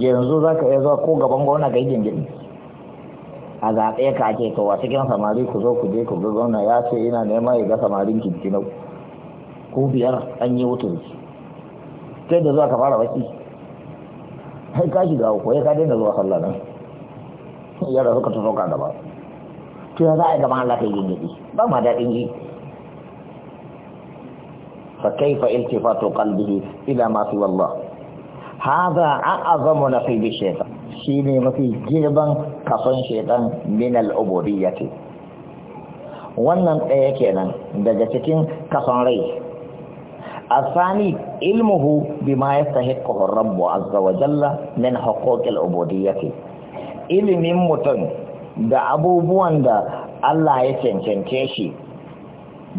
yanzu za ka iya zuwa ko gaban gwamna yi gingiri a zaɓe ka ake to a cikin samari ku zo ku je ku ga gwamna ya ce ina nema ya ga samarin kinkinau ko biyar an yi wutar Sai da zuwa ka fara baki sai ka shiga uku ya ka daina zuwa sallah nan yara suka ta soka gaba to ya za a gama Allah kai gingidi ba ma daɗin yi fa kaifa iltifatu qalbihi ila ma fi wallah hadha a'zamu nasibi shaytan Shi ne mafi girban kafin shaitan min al wannan ɗaya kenan daga cikin kafan rai الثاني علمه بما يستحقه الرب عز وجل min حقوق العبودية ilimin mutum da abubuwan da Allah ya cancance shi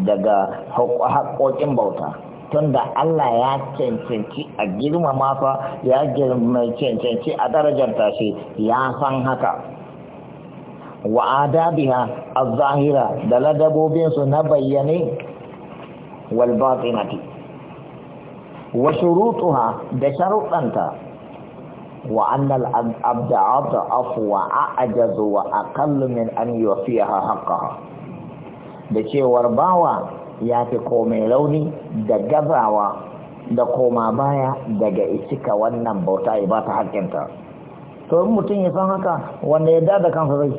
daga haƙoƙin bauta tunda Allah ya cancanci a girmama fa ya cancanci a darajarta shi ya san haka wa adabiha az-zahira da ladabobinsu na bayyane wal batinati wa shurutuha da sharuɗanta wa annal abda abda afwa a'jazu wa aqallu min an yufiha haqqaha da cewar bawa ya fi komai rauni da gazawa da koma baya daga isika wannan bauta ya ba ta hakinta to in mutum ya san haka wanda ya da kansa zai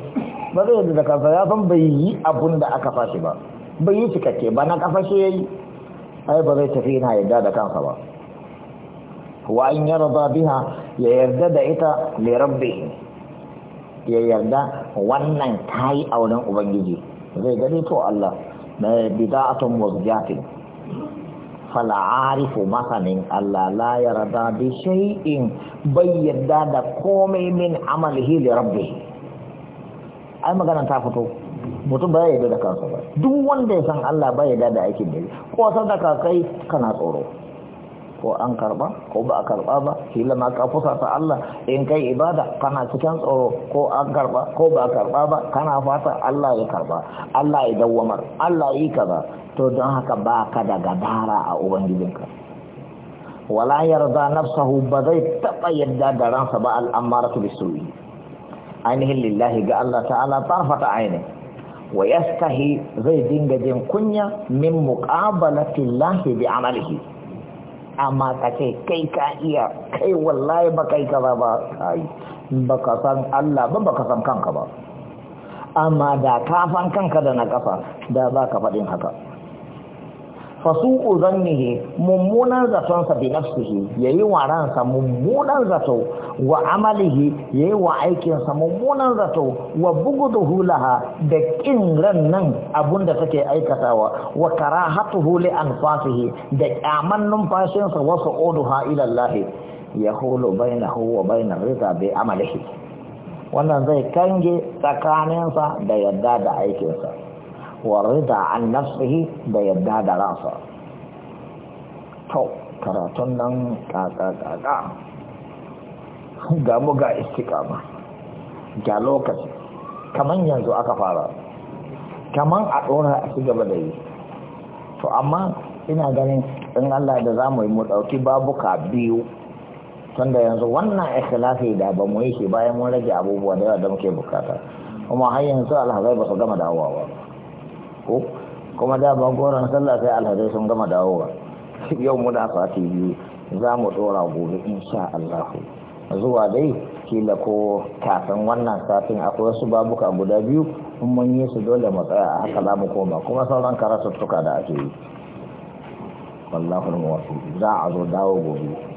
ba zai da kansa ya san bai yi abun da aka fashi ba bai yi cikakke ba na kafa shi ya yi ai ba zai tafi yana yadda da kansa ba wa an yarda biha ya yarda da ita mai rabbi ya yarda wannan ta yi auren ubangiji zai gani to Allah bida'atun muzjatin fala arifu masanin Allah la yarda bi shay'in yadda da komai min amalihi li rabbi. ai magana ta fito mutum ba ya yarda da kansa ba duk wanda ya san Allah ba ya yarda da aikin da ko sadaka kai kana tsoro ko an karba ko ba a karba ba kila ma ka fusa ta Allah in kai ibada kana cikin tsoro ko an karba ko ba a karba ba kana fata Allah ya karba Allah ya dawamar, Allah yi kaza to don haka ba ka da gadara a ubangijinka wala yarda nafsahu ba zai taba yadda da ransa ba al'amaratu bisu'i ainihin lillahi ga Allah ta'ala tarfata aini. wa yastahi zai dinga jin kunya min muqabalati llahi bi amalihi amma ka ce kai ka iya kai wallahi ba kai kaza ba kai baka san Allah ba ba ka san kanka ba amma da kafan kanka da na kafa da ba ka faɗin haka fasu'u zannihi mummunan sa bi nafsihi yayi wa ransa mummunan zato wa amalihi yayi wa aikinsa mummunan zato wa bugudu laha da kin ran nan abunda take aikatawa wa karahatuhu li anfasihi da kyaman numfashinsa wa su'uduha ila Allah yahulu bainahu wa bainar rida bi amalihi wannan zai kange tsakaninsa da yadda da aikinsa Warri da an nafsihi da yarda da ransa to karatun nan kaka-kaka ga mu ga istiqama ga lokaci kaman yanzu aka fara kaman a ɗora a ci gaba da yi to amma ina ganin in Allah da zamu mu yi mu ɗauki babuka biyu tunda yanzu wannan ikhlasi da bamu mu yi shi bayan mun rage abubuwa da yawa da muke bukata kuma har yanzu alhazai ba gama dawowa ba ko kuma da ban goron sallah sai alhazai sun gama dawowa yau muna sati biyu za mu dora gobe insha Allah zuwa dai kila ko kafin wannan satin akwai wasu babuka guda biyu in mun yi su dole mu tsaya a haka za mu koma kuma sauran karatuttuka da ake yi wallahul muwaffiq za a zo dawo gobe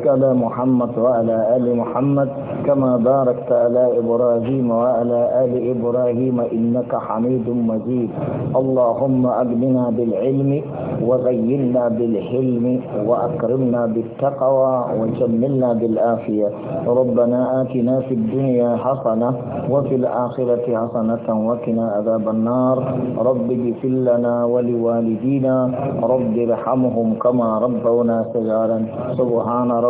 وبارك على محمد وعلى آل محمد كما باركت على إبراهيم وعلى آل إبراهيم إنك حميد مجيد اللهم أجمنا بالعلم وزينا بالحلم وأكرمنا بالتقوى وجملنا بالآفية ربنا آتنا في الدنيا حسنة وفي الآخرة حسنة وقنا عذاب النار رب اغفر لنا ولوالدينا رب ارحمهم كما ربونا صغارا سبحان رب